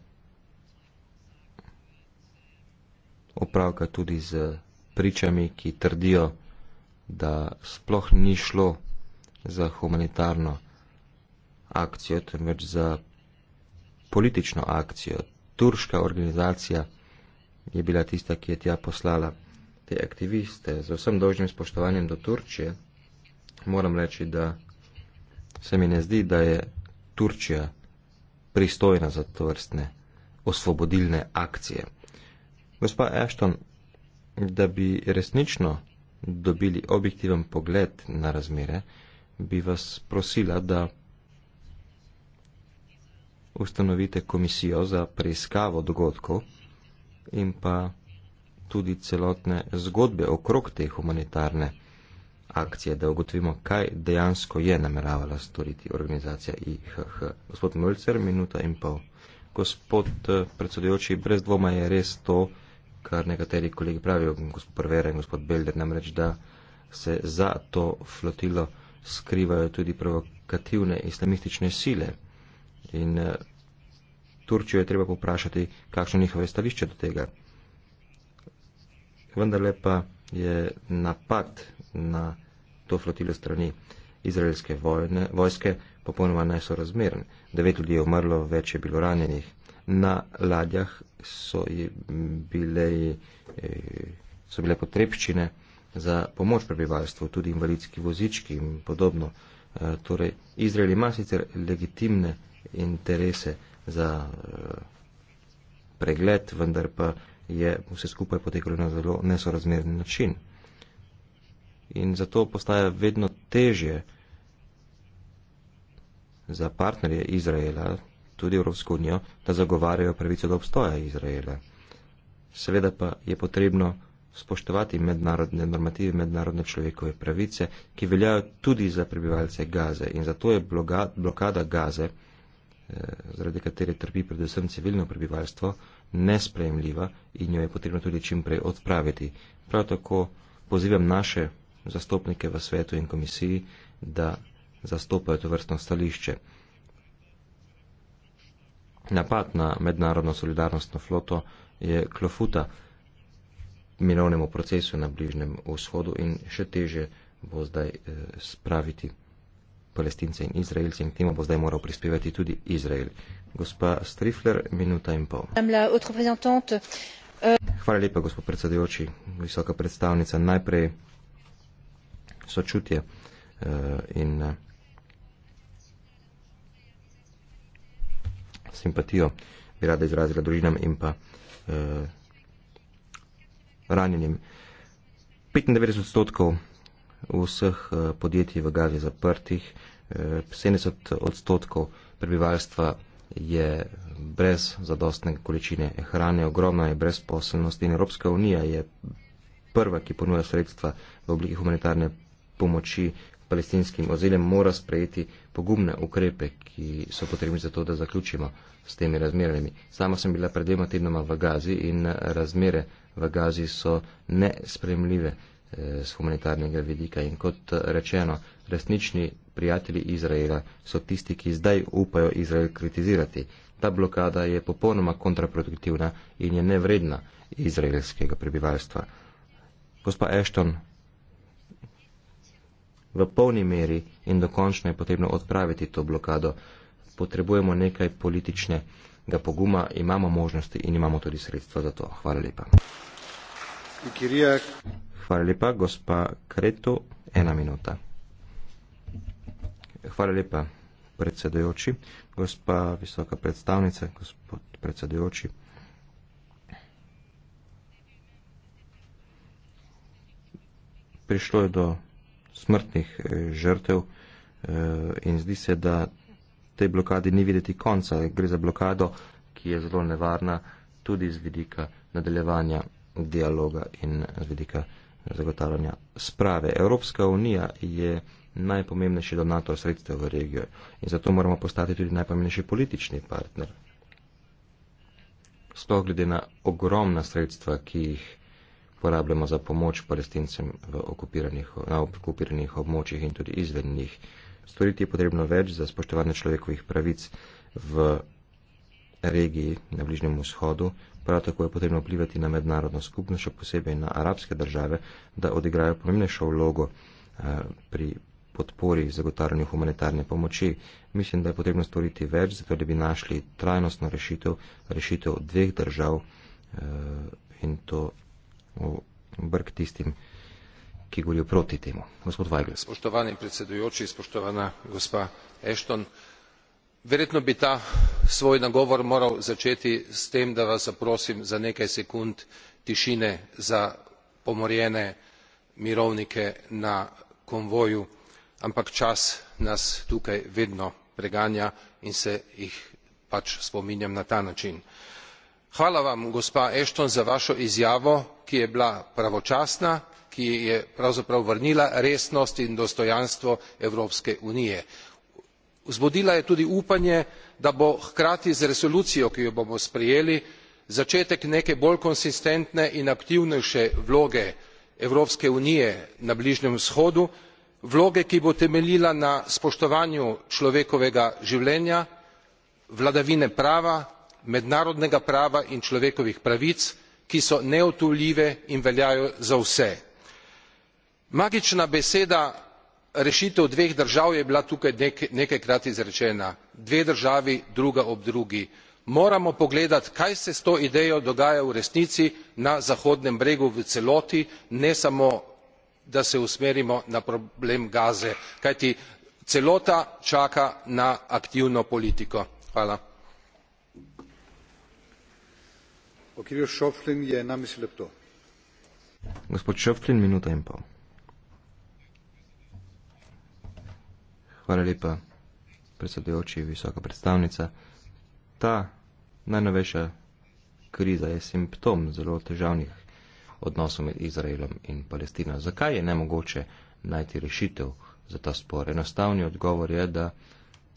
opravka tudi z pričami, ki trdijo, da sploh ni šlo za humanitarno akcijo, temveč za politično akcijo. Turška organizacija je bila tista, ki je tja poslala te aktiviste. Z vsem dolžnim spoštovanjem do Turčije moram reči, da se mi ne zdi, da je Turčija pristojna za to vrstne osvobodilne akcije. Gospa Ashton, da bi resnično dobili objektiven pogled na razmere, bi vas prosila, da ustanovite komisijo za preiskavo dogodkov in pa tudi celotne zgodbe okrog te humanitarne akcije, da ugotovimo, kaj dejansko je nameravala storiti organizacija IHH. Gospod Mölcer, minuta in pol. Gospod eh, predsedujoči, brez dvoma je res to, kar nekateri kolegi pravijo, gospod Prvera in gospod Belder, namreč, da se za to flotilo skrivajo tudi provokativne islamistične sile. In eh, Turčijo je treba poprašati, kakšno njihove stališče do tega. Vendar lepa je napad na to flotilo strani izraelske vojne, vojske popolnoma nesorazmeren. Devet ljudi je umrlo, več je bilo ranjenih na ladjah so bile, eh, so bile potrebščine za pomoč prebivalstvu, tudi invalidski vozički in podobno. Eh, torej, Izrael ima sicer legitimne interese za eh, pregled, vendar pa je vse skupaj potekalo na zelo nesorazmeren način. In zato postaja vedno težje za partnerje Izraela, tudi Evropsko unijo, da zagovarjajo pravico do obstoja Izraela. Seveda pa je potrebno spoštovati mednarodne normative, mednarodne človekove pravice, ki veljajo tudi za prebivalce Gaze. In zato je blokada Gaze, eh, zaradi katere trpi predvsem civilno prebivalstvo, nesprejemljiva in jo je potrebno tudi čim prej odpraviti. Prav tako pozivam naše zastopnike v svetu in komisiji, da zastopajo to vrstno stališče napad na mednarodno solidarnostno floto je klofuta mirovnemu procesu na Bližnem vzhodu in še teže bo zdaj eh, spraviti palestince in izraelce in k temu bo zdaj moral prispevati tudi Izrael. Gospa Strifler, minuta in pol. Euh, Hvala lepa, gospod predsedujoči, visoka predstavnica. Najprej sočutje eh, in eh, simpatijo bi rada izrazila družinam in pa eh, ranjenim. 95 odstotkov vseh eh, podjetij v Gazi zaprtih, eh, 70 odstotkov prebivalstva je brez zadostne količine hrane, ogromna je brezposelnost in Evropska unija je prva, ki ponuja sredstva v obliki humanitarne pomoči palestinskim ozirjem mora sprejeti pogumne ukrepe, ki so potrebni za to, da zaključimo s temi razmerami. Sama sem bila pred dvema tednoma v Gazi in razmere v Gazi so nespremljive z eh, humanitarnega vidika in kot rečeno, resnični prijatelji Izraela so tisti, ki zdaj upajo Izrael kritizirati. Ta blokada je popolnoma kontraproduktivna in je nevredna izraelskega prebivalstva. Gospa Ashton, v polni meri in dokončno je potrebno odpraviti to blokado. Potrebujemo nekaj političnega poguma, imamo možnosti in imamo tudi sredstva za to. Hvala lepa. Hvala lepa, gospa Kretu. Ena minuta. Hvala lepa, predsedujoči, gospa visoka predstavnica, gospod predsedujoči. Prišlo je do smrtnih eh, žrtev eh, in zdi se, da tej blokadi ni videti konca. Gre za blokado, ki je zelo nevarna tudi z vidika nadaljevanja dialoga in z vidika zagotavljanja sprave. Evropska unija je najpomembnejši donator sredstev v regijo in zato moramo postati tudi najpomembnejši politični partner. Sploh glede na ogromna sredstva, ki jih uporabljamo za pomoč palestincem v okupiranih, na okupiranih območjih in tudi izven njih. Storiti je potrebno več za spoštovanje človekovih pravic v regiji na Bližnjem vzhodu, prav tako je potrebno vplivati na mednarodno skupnost, še posebej na arabske države, da odigrajo pomembnejšo vlogo eh, pri podpori zagotarjanju humanitarne pomoči. Mislim, da je potrebno storiti več, zato da bi našli trajnostno rešitev, rešitev dveh držav eh, in to obrk tistim, ki govorijo proti temu. Gospod Vajgles. Spoštovani predsedujoči, spoštovana gospa Ešton, verjetno bi ta svoj nagovor moral začeti s tem, da vas zaprosim za nekaj sekund tišine za pomorjene mirovnike na konvoju, ampak čas nas tukaj vedno preganja in se jih pač spominjam na ta način hvala vam gospa ashton za vašo izjavo ki je bila pravočasna ki je pravzaprav vrnila resnost in dostojanstvo evropske unije. vzbudila je tudi upanje da bo hkrati z resolucijo ki jo bomo sprejeli začetek neke bolj konsistentne in aktivnejše vloge evropske unije na bližnjem vzhodu vloge ki bo temeljila na spoštovanju človekovega življenja vladavine prava mednarodnega prava in človekovih pravic ki so neodtujljive in veljajo za vse. magična beseda rešitev dveh držav je bila tukaj nekajkrat izrečena dve državi druga ob drugi. moramo pogledat kaj se s to idejo dogaja v resnici na zahodnem bregu v celoti ne samo da se usmerimo na problem gaze kajti celota čaka na aktivno politiko. Gospod Šoflin, minuta in pol. Hvala lepa, predsedujoči, visoka predstavnica. Ta najnovejša kriza je simptom zelo težavnih odnosov med Izraelom in Palestino. Zakaj je nemogoče najti rešitev za ta spor? Enostavni odgovor je, da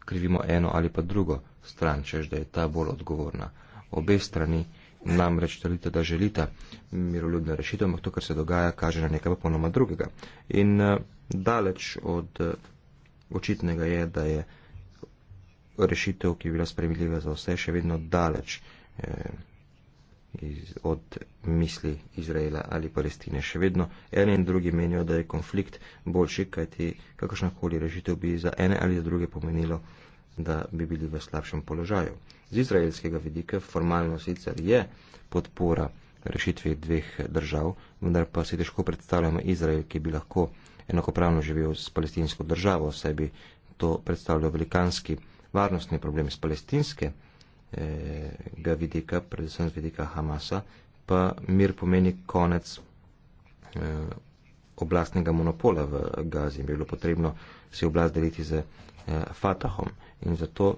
krivimo eno ali pa drugo stran, čež da je ta bolj odgovorna. Obe strani namreč trdite, da želite miroljubno rešitev, ampak to, kar se dogaja, kaže na nekaj popolnoma drugega. In eh, daleč od eh, očitnega je, da je rešitev, ki je bila spremljiva za vse, še vedno daleč eh, od misli Izraela ali Palestine. Še vedno eni in drugi menijo, da je konflikt boljši, kajti kakršnakoli rešitev bi za ene ali za druge pomenilo da bi bili v slabšem položaju. Z izraelskega vidika formalno sicer je podpora rešitvi dveh držav, vendar pa si težko predstavljamo Izrael, ki bi lahko enakopravno živel s palestinsko državo, saj bi to predstavljalo velikanski varnostni problem z palestinskega eh, vidika, predvsem z vidika Hamasa, pa mir pomeni konec eh, oblastnega monopola v Gazi in bi bilo potrebno si oblast deliti z eh, Fatahom in zato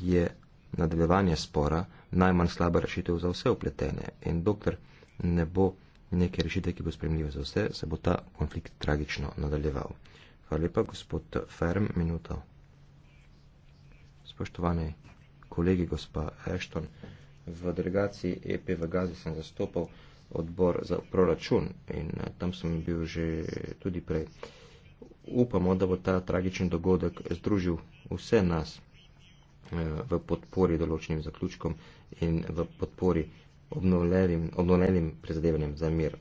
je nadaljevanje spora najmanj slaba rešitev za vse upletene. In dokler ne bo neke rešitve, ki bo spremljiva za vse, se bo ta konflikt tragično nadaljeval. Hvala lepa, gospod Ferm, minuto. Spoštovani kolegi, gospa Ashton, v delegaciji EP v Gazi sem zastopal odbor za proračun in eh, tam sem bil že tudi prej. Uh, upamo, da bo ta tragičen dogodek združil vse nas eh, v podpori določenim zaključkom in v podpori obnovljenim, obnovljenim prizadevanjem za mir.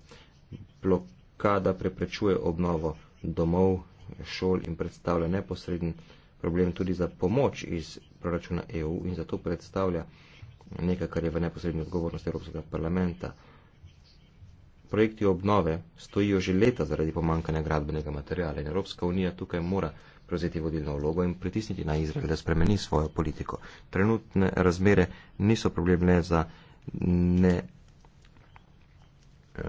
Blokada preprečuje obnovo domov, šol in predstavlja neposreden problem tudi za pomoč iz proračuna EU in zato predstavlja nekaj, kar je v neposrednji odgovornosti Evropskega parlamenta projekti obnove stojijo že leta zaradi pomankanja gradbenega materijala in Evropska unija tukaj mora prevzeti vodilno vlogo in pritisniti na Izrael, da spremeni svojo politiko. Trenutne razmere niso problemne za ne. Eh,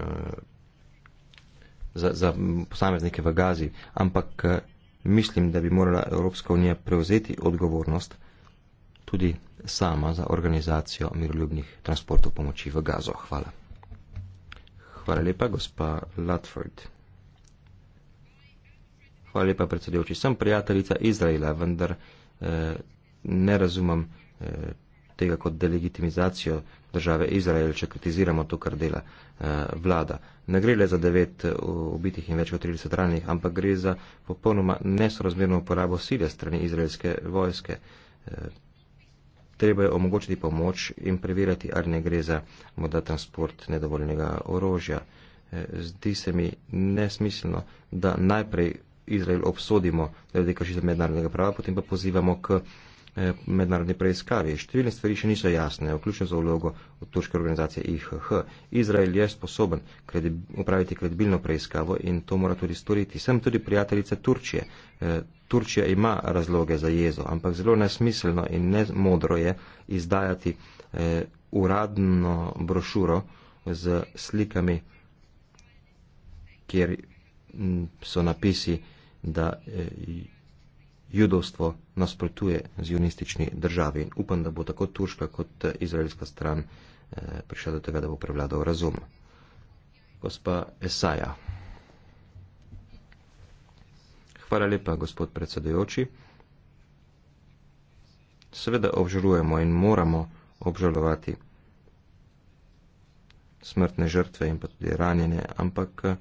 za, za posameznike v Gazi, ampak eh, mislim, da bi morala Evropska unija prevzeti odgovornost tudi sama za organizacijo miroljubnih transportov pomoči v Gazo. Hvala. Hvala lepa, gospa Latford. Hvala lepa, predsedujoči. Sem prijateljica Izraela, vendar eh, ne razumem eh, tega kot delegitimizacijo države Izrael, če kritiziramo to, kar dela eh, vlada. Ne gre le za devet eh, ubitih in več kot 30 ranjenih, ampak gre za popolnoma nesorazmerno uporabo sile strani izraelske vojske. Eh, treba je omogočiti pomoč in preverjati, ali ne gre za morda transport nedovoljnega orožja. Eh, zdi se mi nesmiselno, da najprej Izrael obsodimo, da je kršitev mednarodnega prava, potem pa pozivamo k eh, mednarodni preiskavi. Številne stvari še niso jasne, vključno z vlogo turške organizacije IHH. Izrael je sposoben kredi, upraviti kredibilno preiskavo in to mora tudi storiti. Sem tudi prijateljica Turčije. Eh, Turčija ima razloge za jezo, ampak zelo nesmiselno in nemodro je izdajati eh, uradno brošuro z slikami, kjer mm, so napisi, da eh, judovstvo nasprotuje z junistični državi. Upam, da bo tako turška kot eh, izraelska stran eh, prišla do tega, da bo prevladal razum. Gospa Esaja. Hvala lepa, gospod predsedujoči. Seveda obžalujemo in moramo obžalovati smrtne žrtve in pa tudi ranjene, ampak eh,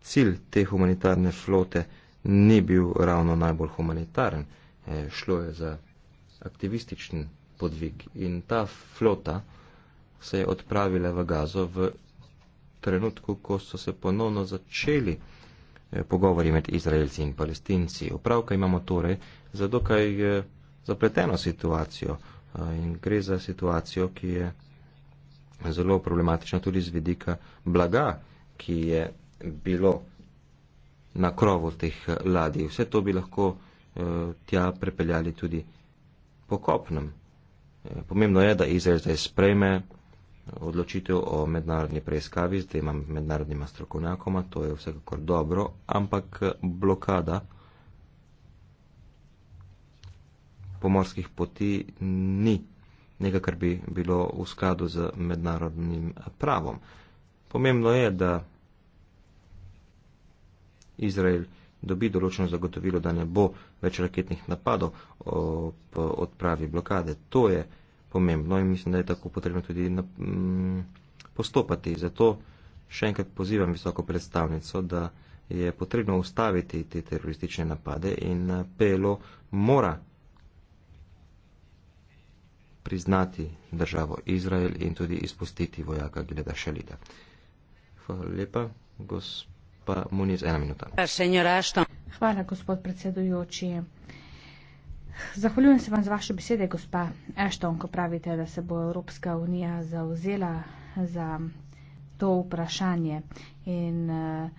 cilj te humanitarne flote ni bil ravno najbolj humanitaren. E, šlo je za aktivističen podvig in ta flota se je odpravila v gazo v trenutku, ko so se ponovno začeli. Eh, pogovori med Izraelci in palestinci. Upravka imamo torej za dokaj eh, zapleteno situacijo eh, in gre za situacijo, ki je zelo problematična tudi z vidika blaga, ki je bilo na krovu teh ladij. Vse to bi lahko tja prepeljali tudi po kopnem. Pomembno je, da Izrael zdaj sprejme odločitev o mednarodni preiskavi z dvema mednarodnima strokovnjakoma, to je vsekakor dobro, ampak blokada pomorskih poti ni nekaj, kar bi bilo v skladu z mednarodnim pravom. Pomembno je, da Izrael dobi določeno zagotovilo, da ne bo več raketnih napadov ob odpravi blokade. To je pomembno in mislim, da je tako potrebno tudi na, m, mm, postopati. Zato še enkrat pozivam visoko predstavnico, da je potrebno ustaviti te teroristične napade in eh, PLO mora priznati državo Izrael in tudi izpustiti vojaka Gleda Šelida. Hvala lepa, gospa Muniz, ena minuta. Hvala, gospod predsedujoči. Zahvaljujem se vam za vaše besede, gospa Ashton, ko pravite, da se bo Evropska unija zauzela za to vprašanje in uh,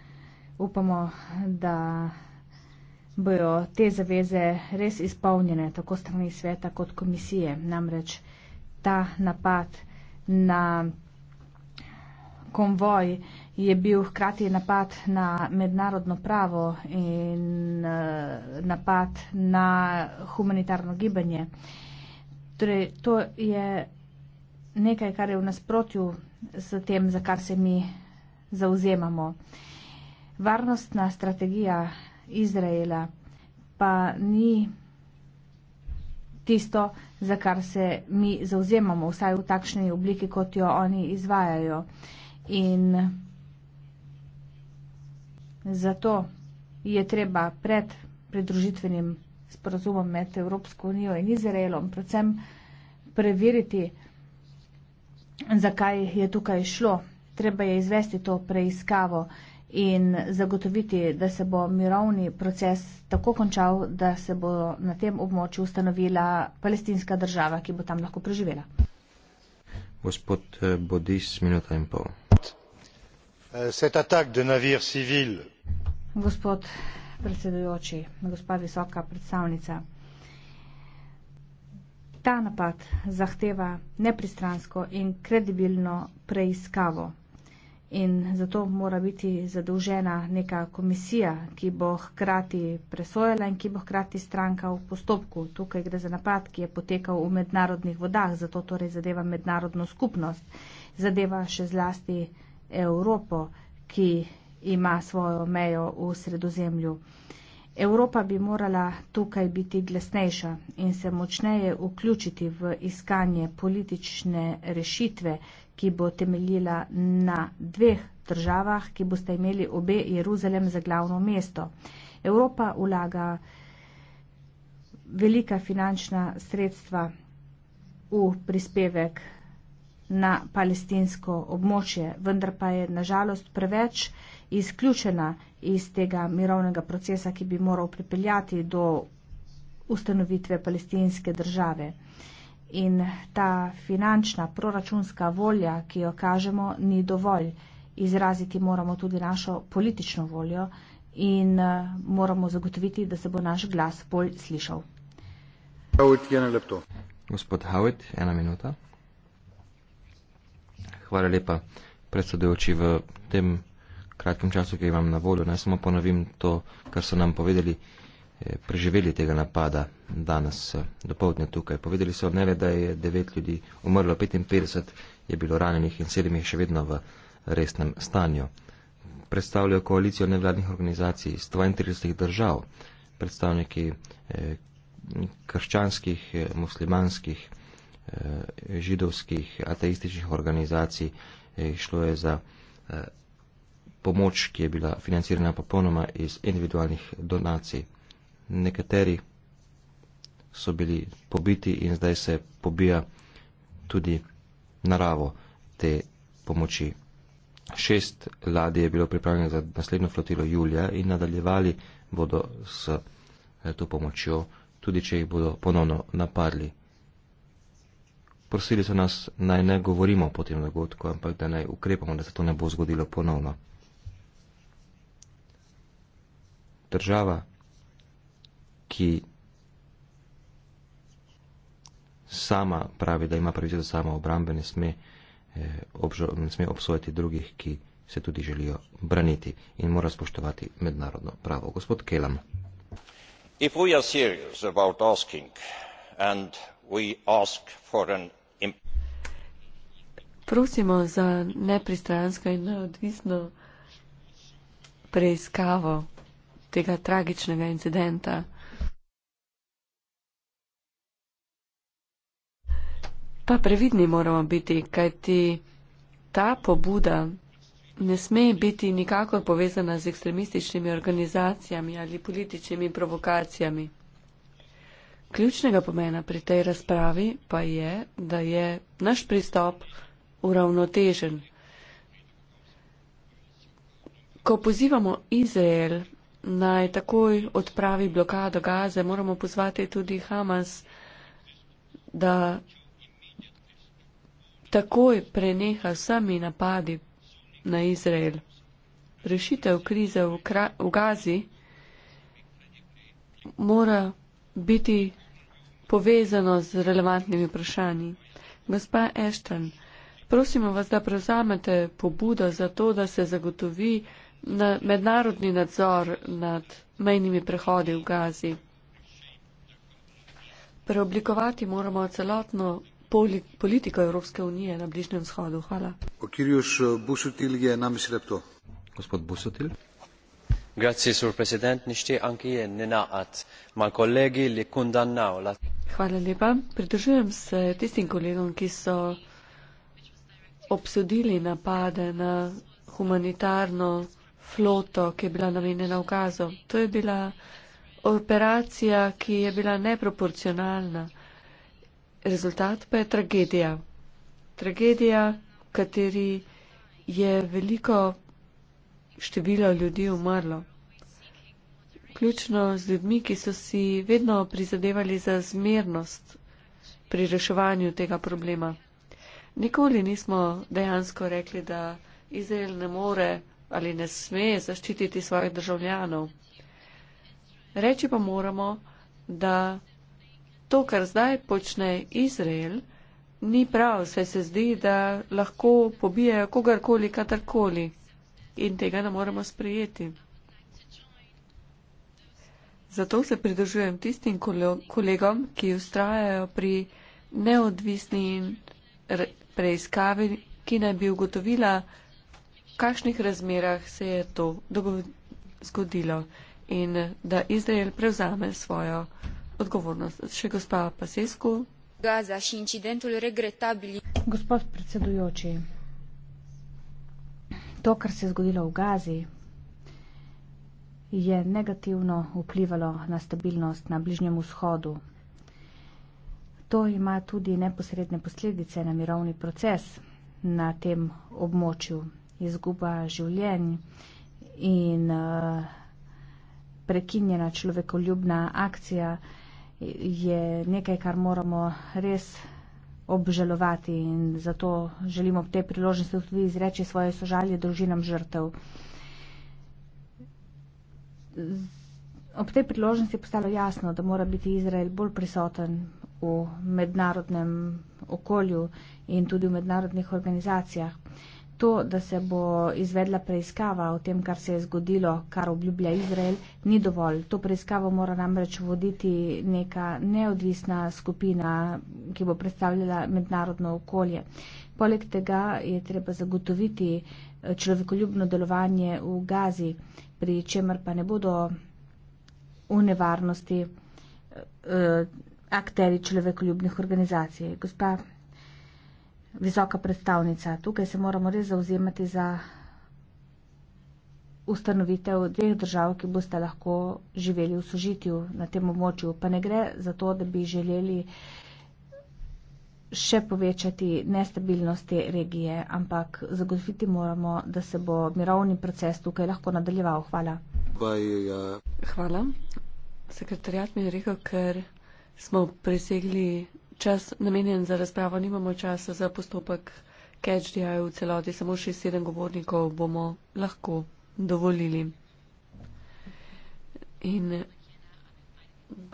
upamo, da bojo te zaveze res izpolnjene, tako strani sveta kot komisije. Namreč ta napad na konvoj je bil hkrati napad na mednarodno pravo in eh, napad na humanitarno gibanje. Torej, to je nekaj, kar je v nasprotju s tem, za kar se mi zauzemamo. Varnostna strategija Izraela pa ni tisto, za kar se mi zauzemamo, vsaj v takšni obliki, kot jo oni izvajajo. Uh, In zato je treba pred pridružitvenim sporazumom med Evropsko unijo in Izraelom predvsem preveriti, zakaj je tukaj šlo. Treba je izvesti to preiskavo in zagotoviti, da se bo mirovni proces tako končal, da se bo na tem območju ustanovila palestinska država, ki bo tam lahko preživela. Gospod eh, Bodis, minuta in pol. Euh, cette attaque de navires civils Gospod predsedujoči, gospa visoka predstavnica, ta napad zahteva nepristransko in kredibilno preiskavo in zato mora biti zadolžena neka komisija, ki bo hkrati presojala in ki bo hkrati stranka v postopku. Tukaj gre za napad, ki je potekal v mednarodnih vodah, zato torej zadeva mednarodno skupnost, zadeva še zlasti Evropo, ki ima svojo mejo v sredozemlju. Evropa bi morala tukaj biti glasnejša in se močneje vključiti v iskanje politične rešitve, ki bo temeljila na dveh državah, ki boste imeli obe Jeruzalem za glavno mesto. Evropa vlaga velika finančna sredstva v prispevek na palestinsko območje, vendar pa je nažalost preveč izključena iz tega mirovnega procesa, ki bi moral pripeljati do ustanovitve palestinske države. In ta finančna, proračunska volja, ki jo kažemo, ni dovolj. Izraziti moramo tudi našo politično voljo in eh, moramo zagotoviti, da se bo naš glas bolj slišal. Gospod Hawit, ena minuta. Hvala lepa, predsedujoči, v tem kratkem času, ki imam na voljo. Naj samo ponovim to, kar so nam povedali eh, preživeli tega napada danes eh, do povdne tukaj. Povedali so, ne le, da je 9 ljudi umrlo, 55 je bilo ranjenih in 7 je še vedno v resnem stanju. Predstavljajo koalicijo nevladnih organizacij iz 32 držav, predstavniki eh, krščanskih, eh, muslimanskih, Eh, židovskih ateističnih organizacij, eh, šlo je za eh, pomoč, ki je bila financirana popolnoma iz individualnih donacij. Nekateri so bili pobiti in zdaj se pobija tudi naravo te pomoči. Šest ladij je bilo pripravljeno za naslednjo flotilo Julija in nadaljevali bodo s to pomočjo, tudi če jih bodo ponovno napadli prosili so nas, naj ne govorimo po tem dogodku, ampak da naj ukrepamo, da se to ne bo zgodilo ponovno. Država, ki sama pravi, da ima pravico za samo obrambe, ne sme, eh, obžo, ne sme obsojati drugih, ki se tudi želijo braniti in mora spoštovati mednarodno pravo. Gospod Kelam. If we are serious about asking and we ask for an prosimo za nepristransko in neodvisno preiskavo tega tragičnega incidenta. Pa previdni moramo biti, kajti ta pobuda ne sme biti nikakor povezana z ekstremističnimi organizacijami ali političnimi provokacijami. Ključnega pomena pri tej razpravi pa je, da je naš pristop uravnotežen. Ko pozivamo Izrael naj takoj odpravi blokado Gaze, moramo pozvati tudi Hamas, da takoj preneha sami napadi na Izrael. Rešitev krize v, kra, v Gazi mora biti povezano z relevantnimi vprašanji. Gospa Ešten, Prosimo vas, da prevzamete pobudo za to, da se zagotovi na mednarodni nadzor nad mejnimi prehodi v Gazi. Preoblikovati moramo celotno politiko Evropske unije na Bližnjem vzhodu. Hvala. Eh, Gospod Busutil. Hvala lepa. Pridržujem se tistim kolegom, ki so obsodili napade na humanitarno floto, ki je bila namenjena ukazom. To je bila operacija, ki je bila neproporcionalna. Rezultat pa je tragedija. Tragedija, v kateri je veliko število ljudi umrlo. Ključno z ljudmi, ki so si vedno prizadevali za zmernost pri reševanju tega problema. Nikoli nismo dejansko rekli, da Izrael ne more ali ne sme zaščititi svojih državljanov. Reči pa moramo, da to, kar zdaj počne Izrael, ni prav, saj se zdi, da lahko pobijajo kogarkoli, katarkoli in tega ne moremo sprejeti. Zato se pridržujem tistim kolegom, ki ustrajajo pri neodvisni in preiskavi, ki naj bi ugotovila, v kakšnih razmerah se je to zgodilo in da Izrael prevzame svojo odgovornost. Še gospa Pasesku. Gaza in incidentul regretabili. Gospod predsedujoči, to, kar se je zgodilo v Gazi, je negativno vplivalo na stabilnost na Bližnjem vzhodu. To ima tudi neposredne posledice na mirovni proces na tem območju. Izguba življenj in eh, prekinjena človekoljubna akcija je nekaj, kar moramo res obžalovati in zato želimo ob tej priložnosti tudi izreči svoje sožalje družinam žrtev. Ob tej priložnosti je postalo jasno, da mora biti Izrael bolj prisoten v mednarodnem okolju in tudi v mednarodnih organizacijah. To, da se bo izvedla preiskava o tem, kar se je zgodilo, kar obljublja Izrael, ni dovolj. To preiskavo mora namreč voditi neka neodvisna skupina, ki bo predstavljala mednarodno okolje. Poleg tega je treba zagotoviti eh, človekoljubno delovanje v Gazi, pri čemer pa ne bodo v nevarnosti eh, akteri človekoljubnih organizacij. Gospa visoka predstavnica, tukaj se moramo res zauzemati za ustanovitev dveh držav, ki boste lahko živeli v sožitju na tem območju. Pa ne gre za to, da bi želeli še povečati nestabilnost te regije, ampak zagotoviti moramo, da se bo mirovni proces tukaj lahko nadaljeval. Hvala. Ja. Hvala. Sekretarjat mi je rekel, ker smo presegli čas namenjen za razpravo, nimamo časa za postopek catch-dijaja v celoti, samo še sedem govornikov bomo lahko dovolili. In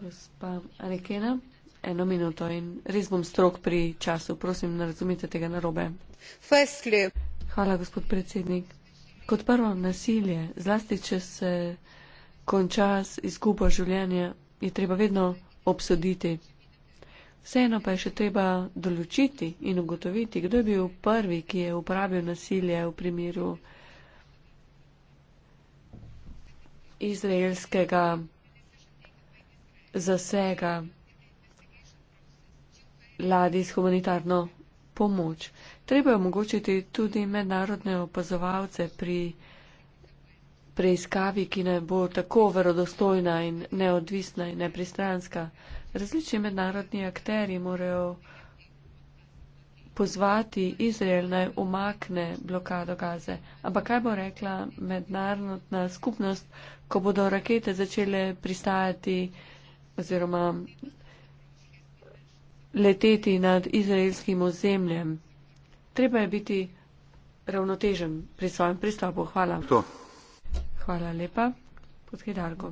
gospa Arekena, eno minuto in res bom strok pri času, prosim, ne razumite tega narobe. Hvala, gospod predsednik. Kot prvo, nasilje, zlasti če se konča z izgubo življenja, je treba vedno obsoditi. Vseeno pa je še treba določiti in ugotoviti, kdo je bil prvi, ki je uporabil nasilje v primeru izraelskega zasega ladi s humanitarno pomoč. Treba je omogočiti tudi mednarodne opazovalce pri preiskavi, ki ne bo tako verodostojna in neodvisna in nepristranska. Različni mednarodni akteri morajo pozvati Izrael naj umakne blokado gaze. Ampak kaj bo rekla mednarodna skupnost, ko bodo rakete začele pristajati oziroma leteti nad izraelskim ozemljem? Treba je biti ravnotežen pri svojem pristopu. Hvala. To. Hvala lepa. Podhidarko.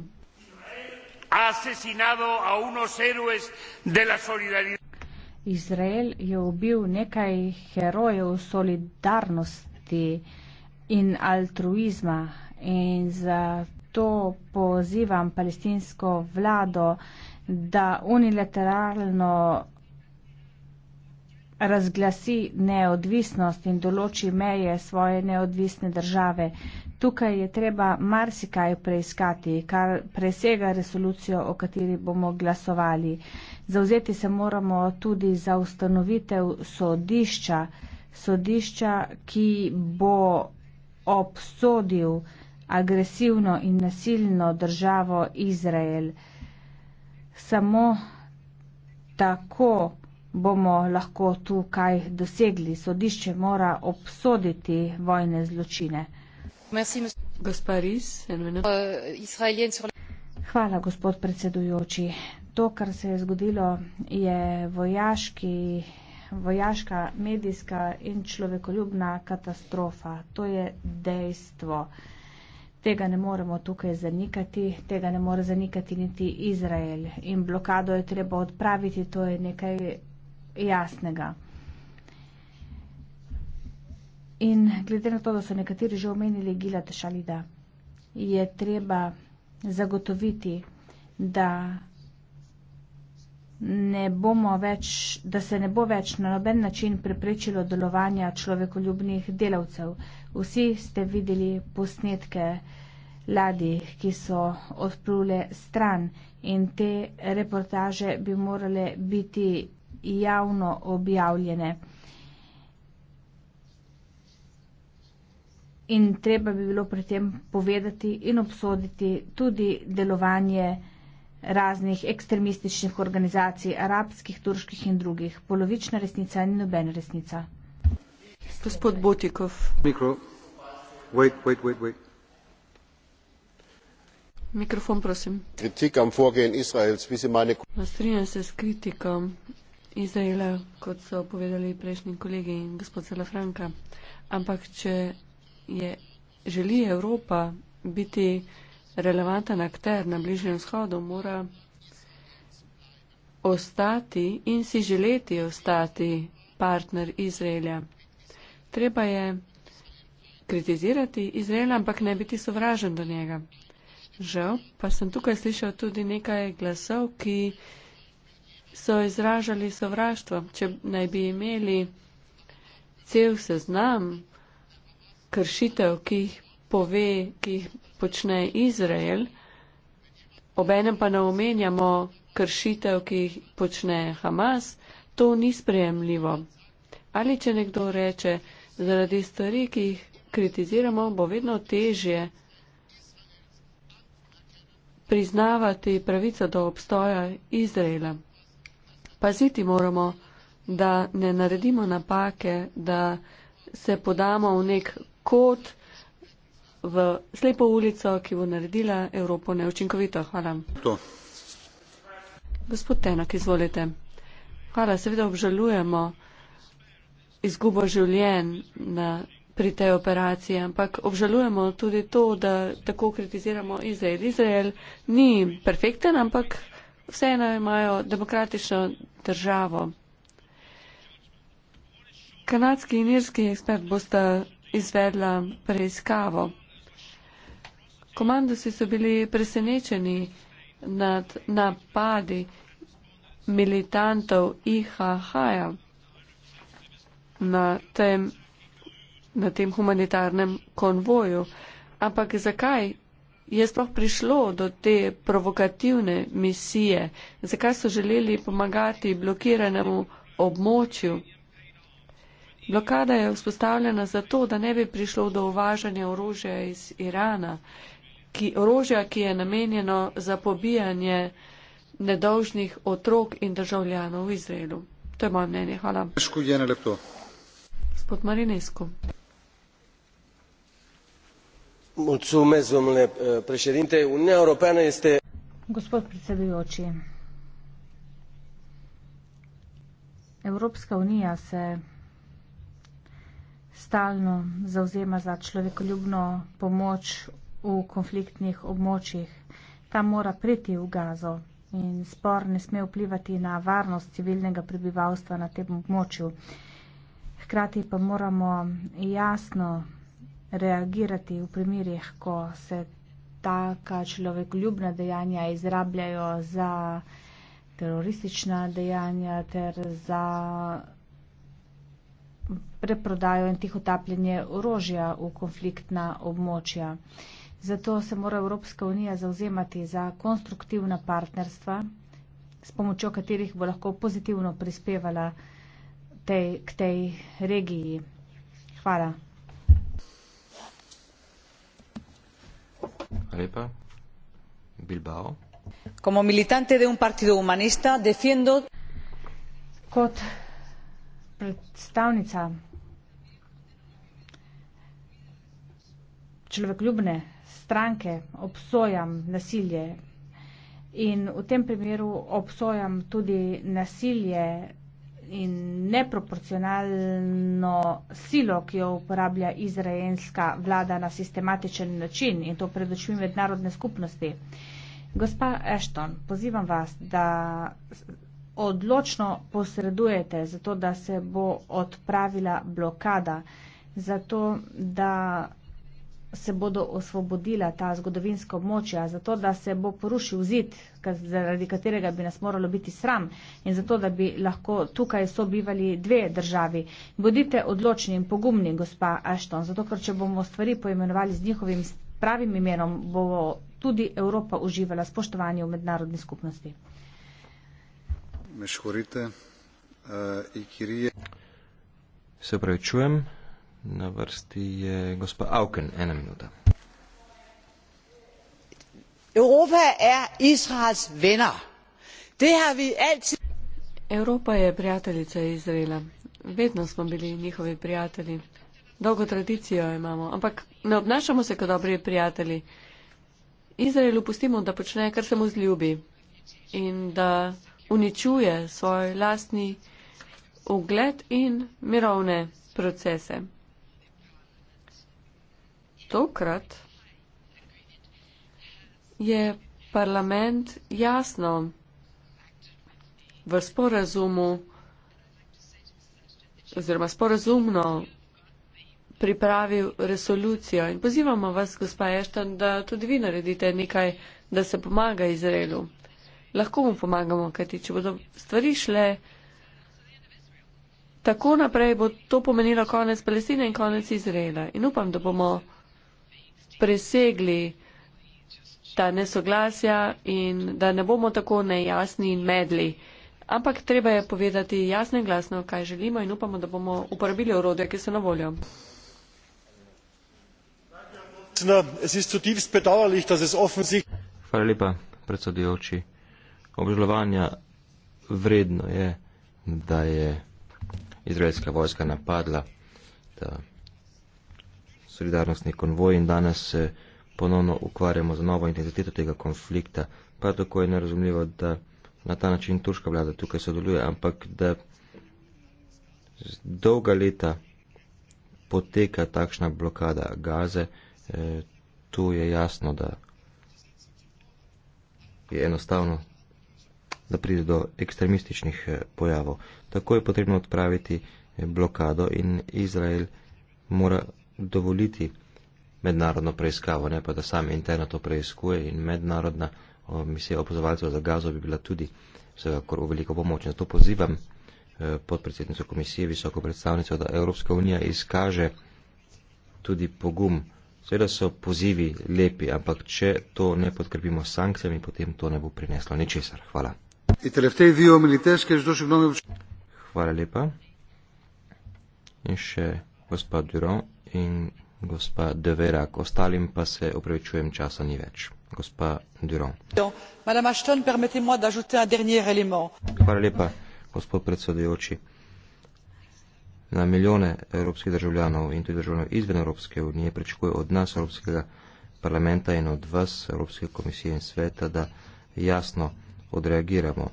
Izrael je ubil nekaj herojev solidarnosti in altruizma in zato pozivam palestinsko vlado, da unilateralno razglasi neodvisnost in določi meje svoje neodvisne države tukaj je treba marsikaj preiskati, kar presega resolucijo, o kateri bomo glasovali. Zauzeti se moramo tudi za ustanovitev sodišča, sodišča, ki bo obsodil agresivno in nasilno državo Izrael. Samo tako bomo lahko tukaj dosegli. Sodišče mora obsoditi vojne zločine. Euh, Hvala, gospod predsedujoči. To, kar se je zgodilo, je vojaški, vojaška, medijska in človekoljubna katastrofa. To je dejstvo. Tega ne moremo tukaj zanikati, tega ne more zanikati niti Izrael. In blokado je treba odpraviti, to je nekaj jasnega. In glede na to, da so nekateri že omenili Gila Tešalida, je treba zagotoviti, da, več, da se ne bo več na noben način preprečilo delovanja človekoljubnih delavcev. Vsi ste videli posnetke ladij, ki so odplule stran in te reportaže bi morale biti javno objavljene. in treba bi bilo pri tem povedati in obsoditi tudi delovanje raznih ekstremističnih organizacij, arabskih, turških in drugih. Polovična resnica ni nobena resnica. Gospod Botikov. Mikro. Wait, wait, wait, wait. Mikrofon, prosim. Strinjam se s kritikom Izraela, kot so povedali prejšnji kolegi in gospod Salafranka. Ampak, če je, želi Evropa biti relevanten akter na Bližnjem vzhodu, mora ostati in si želeti ostati partner Izraela. Treba je kritizirati Izraela, ampak ne biti sovražen do njega. Žal, pa sem tukaj slišal tudi nekaj glasov, ki so izražali sovraštvo. Če naj bi imeli cel seznam kršitev, ki jih pove, ki jih počne Izrael, obenem pa ne omenjamo kršitev, ki jih počne Hamas, to ni sprejemljivo. Ali če nekdo reče, zaradi stvari, ki jih kritiziramo, bo vedno težje priznavati pravico do obstoja Izraela. Paziti moramo, da ne naredimo napake, da se podamo v nek kot v slepo ulico, ki bo naredila Evropo neučinkovito. Hvala. To. Gospod Tenak, izvolite. Hvala, seveda obžalujemo izgubo življenj na, pri tej operaciji, ampak obžalujemo tudi to, da tako kritiziramo Izrael. Izrael ni perfekten, ampak vseeno imajo demokratično državo. Kanadski in irski ekspert boste izvedla preiskavo. Komandosi so bili presenečeni nad napadi militantov IHH-ja na, na tem humanitarnem konvoju. Ampak zakaj je sploh prišlo do te provokativne misije? Zakaj so želeli pomagati blokiranemu območju? Blokada je vzpostavljena zato, da ne bi prišlo do uvažanja orožja iz Irana, ki, orožja, ki je namenjeno za pobijanje nedolžnih otrok in državljanov v Izraelu. To je moje mnenje. Hvala. Gospod Marinesko. Eh, Gospod predsedujoči, Evropska unija se stalno zauzema za človekoljubno pomoč v konfliktnih območjih. Ta mora priti v gazo in spor ne sme vplivati na varnost civilnega prebivalstva na tem območju. Hkrati pa moramo jasno reagirati v primerjih, ko se taka človekoljubna dejanja izrabljajo za teroristična dejanja ter za preprodajo in tih otapljanje orožja v konfliktna območja. Zato se mora Evropska unija zauzemati za konstruktivna partnerstva, s pomočjo katerih bo lahko pozitivno prispevala tej, k tej regiji. Hvala. Lepa. Bilbao. Como militante de un partido humanista defiendo. Kot predstavnica človekljubne stranke obsojam nasilje in v tem primeru obsojam tudi nasilje in neproporcionalno silo, ki jo uporablja izraelska vlada na sistematičen način in to pred očmi mednarodne skupnosti. Gospa Ashton, pozivam vas, da odločno posredujete, zato da se bo odpravila blokada, zato da se bodo osvobodila ta zgodovinska območja, zato da se bo porušil zid, zaradi katerega bi nas moralo biti sram in zato da bi lahko tukaj sobivali dve državi. Bodite odločni in pogumni, gospa Ashton, zato ker če bomo stvari poimenovali z njihovim pravim imenom, bo tudi Evropa uživala spoštovanje v mednarodni skupnosti. Eh, se opravičujem, na vrsti je gospa Auken, ena minuta. Evropa je er Izraels venner. Evropa je prijateljica Izraela. Vedno smo bili njihovi prijatelji. Dolgo tradicijo imamo, ampak ne obnašamo se kot dobri prijatelji. Izraelu pustimo, da počne, kar se mu zljubi in da uničuje svoj lastni ugled in mirovne procese. Tokrat je parlament jasno v sporazumu oziroma sporazumno pripravil resolucijo in pozivamo vas, gospa Ešten, da tudi vi naredite nekaj, da se pomaga Izraelu lahko mu pomagamo, kajti če bodo stvari šle tako naprej, bo to pomenilo konec Palestine in konec Izraela. In upam, da bomo presegli ta nesoglasja in da ne bomo tako nejasni in medli. Ampak treba je povedati jasno in glasno, kaj želimo in upamo, da bomo uporabili orodje, ki so na voljo. Hvala lepa, predsedujoči obžalovanja vredno je, da je izraelska vojska napadla ta solidarnostni konvoj in danes se ponovno ukvarjamo z novo intenziteto tega konflikta. Prav tako je nerazumljivo, da na ta način turška vlada tukaj sodeluje, ampak da dolga leta poteka takšna blokada gaze, e, tu je jasno, da je enostavno da pride do ekstremističnih eh, pojavov. Tako je potrebno odpraviti eh, blokado in Izrael mora dovoliti mednarodno preiskavo, ne pa da sam interno to preiskuje in mednarodna misija opozovalcev za gazo bi bila tudi vsekakor v veliko pomoč. Zato pozivam eh, podpredsednico komisije, visoko predstavnico, da Evropska unija izkaže tudi pogum. Seveda so pozivi lepi, ampak če to ne podkrbimo sankcijami, potem to ne bo prineslo ničesar. Hvala. Hvala lepa. In še gospa Duro in gospa Devera, k ostalim pa se opravičujem, časa ni več. Gospa Duro. Hvala lepa, gospod predsedujoči. Na milijone evropskih državljanov in tudi državljanov izven Evropske unije pričakuje od nas Evropskega parlamenta in od vas Evropske komisije in sveta, da jasno odreagiramo.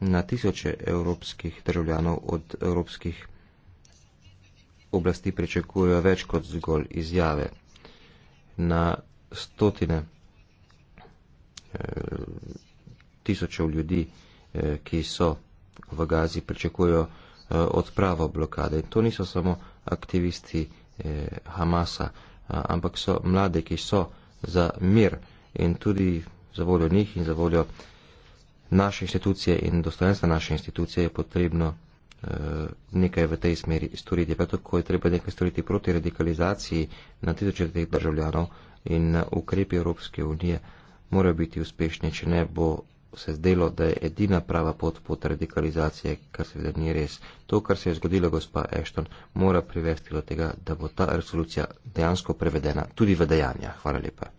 Na tisoče evropskih državljanov od evropskih oblasti pričakujejo več kot zgolj izjave. Na stotine eh, tisočev ljudi, eh, ki so v Gazi, pričakujejo eh, odpravo blokade. To niso samo aktivisti Hamasa, ampak so mlade, ki so za mir in tudi za voljo njih in za voljo naše institucije in dostojenstva naše institucije je potrebno eh, nekaj v tej smeri storiti. Prav tako je treba nekaj storiti proti radikalizaciji na tisoče teh državljanov in eh, ukrepi Evropske unije morajo biti uspešni, če ne bo se zdelo, da je edina prava pot pot radikalizacije, kar seveda ni res. To, kar se je zgodilo, gospa Ashton, mora privesti do tega, da bo ta resolucija dejansko prevedena tudi v dejanja. Hvala lepa.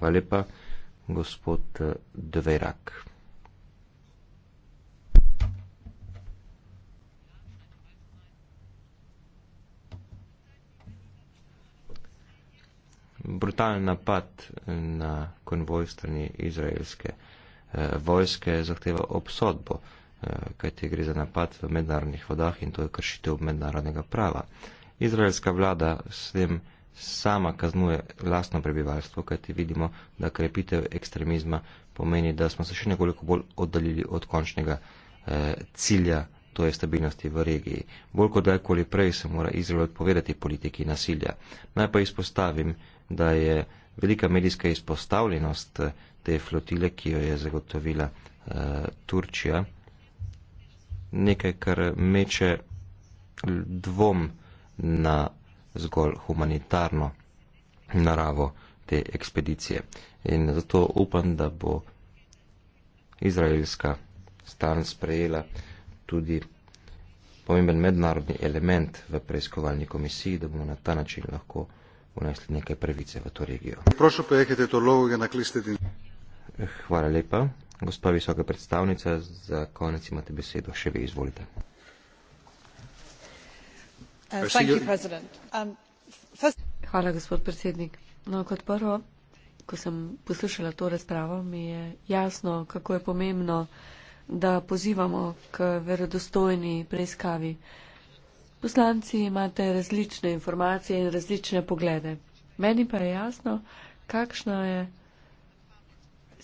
Hvala lepa, gospod eh, Dverak. brutalen napad eh, na konvoj strani izraelske eh, vojske zahteva obsodbo, eh, kajti gre za napad v mednarodnih vodah in to je kršitev mednarodnega prava. Izraelska vlada s tem sama kaznuje lastno prebivalstvo, kajti vidimo, da krepitev ekstremizma pomeni, da smo se še nekoliko bolj oddaljili od končnega eh, cilja, to je stabilnosti v regiji. Bolj kot dajkoli prej se mora Izrael odpovedati politiki nasilja. Naj pa izpostavim, da je velika medijska izpostavljenost eh, te flotile, ki jo je zagotovila uh, Turčija, nekaj, kar meče dvom na zgolj humanitarno naravo te ekspedicije. In zato upam, da bo izraelska stran sprejela tudi pomemben mednarodni element v preiskovalni komisiji, da bomo na ta način lahko vnesli nekaj pravice v to regijo. Prošu, Hvala lepa. Gospa visoka predstavnica, za konec imate besedo. Še vi izvolite. Uh, um, Hvala, gospod predsednik. No, kot prvo, ko sem poslušala to razpravo, mi je jasno, kako je pomembno, da pozivamo k verodostojni preiskavi. Poslanci imate različne informacije in različne poglede. Meni pa je jasno, kakšna je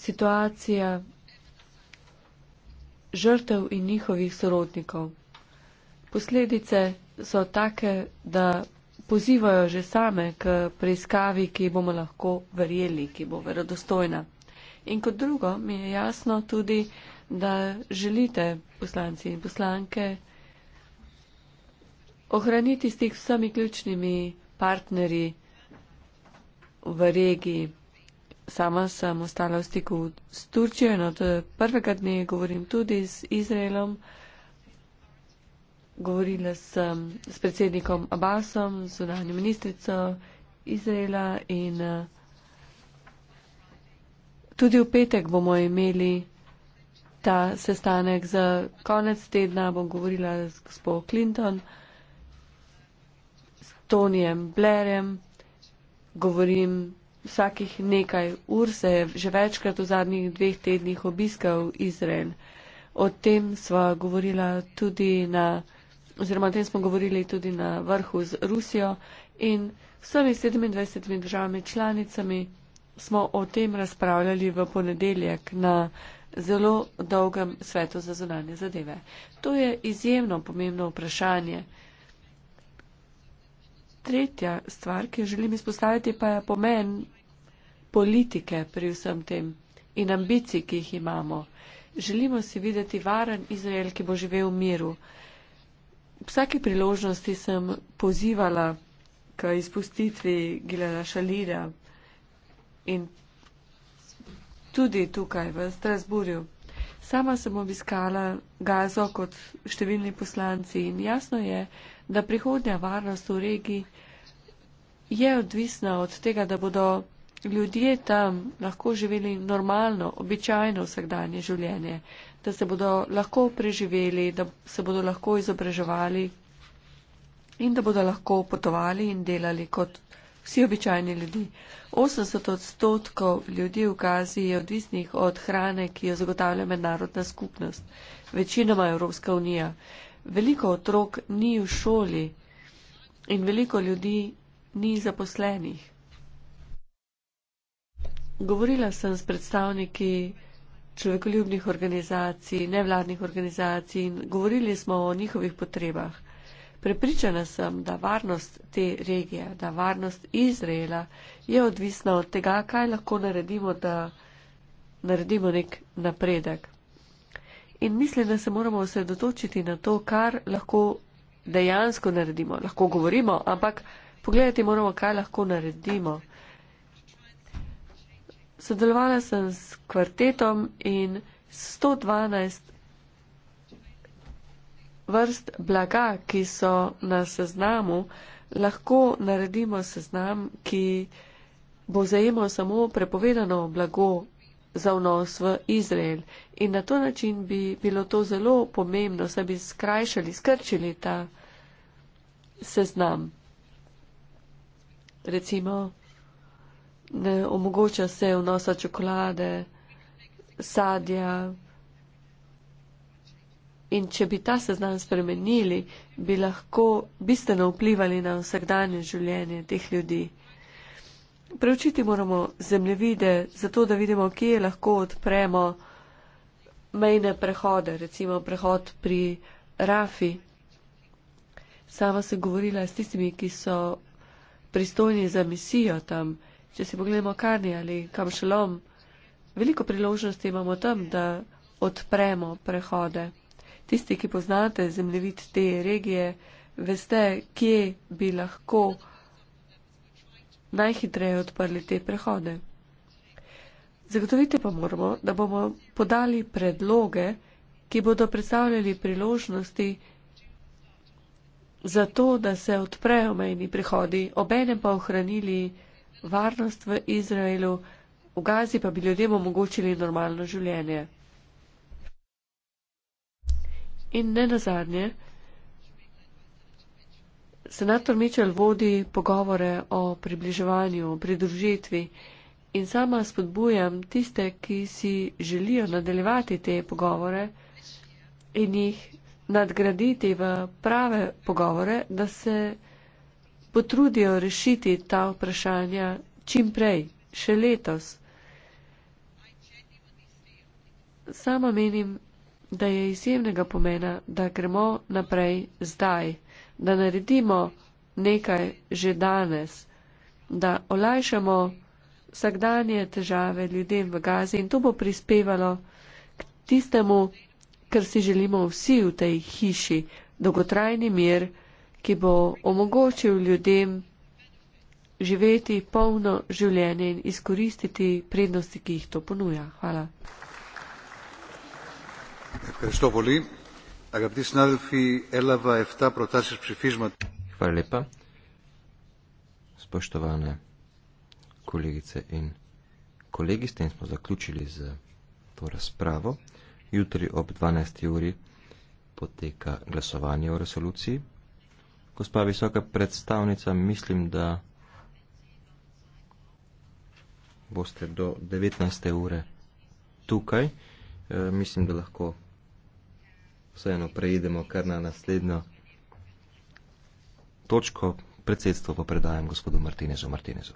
situacija žrtev in njihovih sorodnikov. Posledice so take, da pozivajo že same k preiskavi, ki bomo lahko verjeli, ki bo verodostojna. In kot drugo, mi je jasno tudi, da želite poslanci in poslanke ohraniti stik s vsemi ključnimi partnerji v regiji. Sama sem ostala v stiku s Turčijo in od prvega dne govorim tudi z Izraelom. Govorila sem s predsednikom Abbasom, zunanjo ministrico Izraela in eh, tudi v petek bomo imeli ta sestanek. Za konec tedna bom govorila s gospod Clinton s Tonijem Blerjem, govorim vsakih nekaj ur, se je že večkrat v zadnjih dveh tednih obiskal Izrael. O tem smo govorila tudi na, oziroma o tem smo govorili tudi na vrhu z Rusijo in s vsemi 27 državami članicami smo o tem razpravljali v ponedeljek na zelo dolgem svetu za zunanje zadeve. To je izjemno pomembno vprašanje tretja stvar, ki jo želim izpostaviti, pa je pomen politike pri vsem tem in ambicij, ki jih imamo. Želimo si videti varen Izrael, ki bo živel v miru. Vsake priložnosti sem pozivala k izpustitvi Gileda Šalira in tudi tukaj v Strasburju. Sama sem obiskala Gazo kot številni poslanci in jasno je, da prihodnja varnost v regiji je odvisna od tega, da bodo ljudje tam lahko živeli normalno, običajno vsakdanje življenje, da se bodo lahko preživeli, da se bodo lahko izobraževali in da bodo lahko potovali in delali kot vsi običajni ljudi. 80 odstotkov ljudi v Gazi je odvisnih od hrane, ki jo zagotavlja mednarodna skupnost, večinoma Evropska unija. Veliko otrok ni v šoli in veliko ljudi ni zaposlenih. Govorila sem s predstavniki človekoljubnih organizacij, nevladnih organizacij in govorili smo o njihovih potrebah. Prepričana sem, da varnost te regije, da varnost Izraela je odvisna od tega, kaj lahko naredimo, da naredimo nek napredek. In mislim, da se moramo osredotočiti na to, kar lahko dejansko naredimo. Lahko govorimo, ampak pogledati moramo, kaj lahko naredimo. Sodelovala sem s kvartetom in 112 vrst blaga, ki so na seznamu, lahko naredimo seznam, ki bo zajemal samo prepovedano blago za vnos v Izrael. In na to način bi bilo to zelo pomembno, saj bi skrajšali, skrčili ta seznam recimo, ne omogoča se vnosa čokolade, sadja. In če bi ta seznam spremenili, bi lahko bistveno vplivali na vsakdanje življenje teh ljudi. Preučiti moramo zemljevide, zato da vidimo, kje lahko odpremo mejne prehode, recimo prehod pri Rafi. Sama sem govorila s tistimi, ki so pristojni za misijo tam. Če si pogledamo Kani ali kam šelom, veliko priložnosti imamo tam, da odpremo prehode. Tisti, ki poznate zemljevid te regije, veste, kje bi lahko najhitreje odprli te prehode. Zagotovite pa moramo, da bomo podali predloge, ki bodo predstavljali priložnosti zato, da se odprejo mejni prihodi, obenem pa ohranili varnost v Izraelu, v Gazi pa bi ljudem omogočili normalno življenje. In ne nazadnje, senator Mičel vodi pogovore o približevanju, pridružitvi in sama spodbujam tiste, ki si želijo nadaljevati te pogovore in jih nadgraditi v prave pogovore, da se potrudijo rešiti ta vprašanja čim prej, še letos. Sama menim, da je izjemnega pomena, da gremo naprej zdaj, da naredimo nekaj že danes, da olajšamo vsakdanje težave ljudem v Gazi in to bo prispevalo k tistemu, kar si želimo vsi v tej hiši, dolgotrajni mir, ki bo omogočil ljudem živeti polno življenje in izkoristiti prednosti, ki jih to ponuja. Hvala. Hvala lepa. Spoštovane kolegice in kolegi, s tem smo zaključili z to razpravo. Jutri ob 12. uri poteka glasovanje o resoluciji. Gospa visoka predstavnica, mislim, da boste do 19. ure tukaj. E, mislim, da lahko vseeno preidemo kar na naslednjo točko. Predsedstvo pa predajam gospodu Martinezu Martinezu.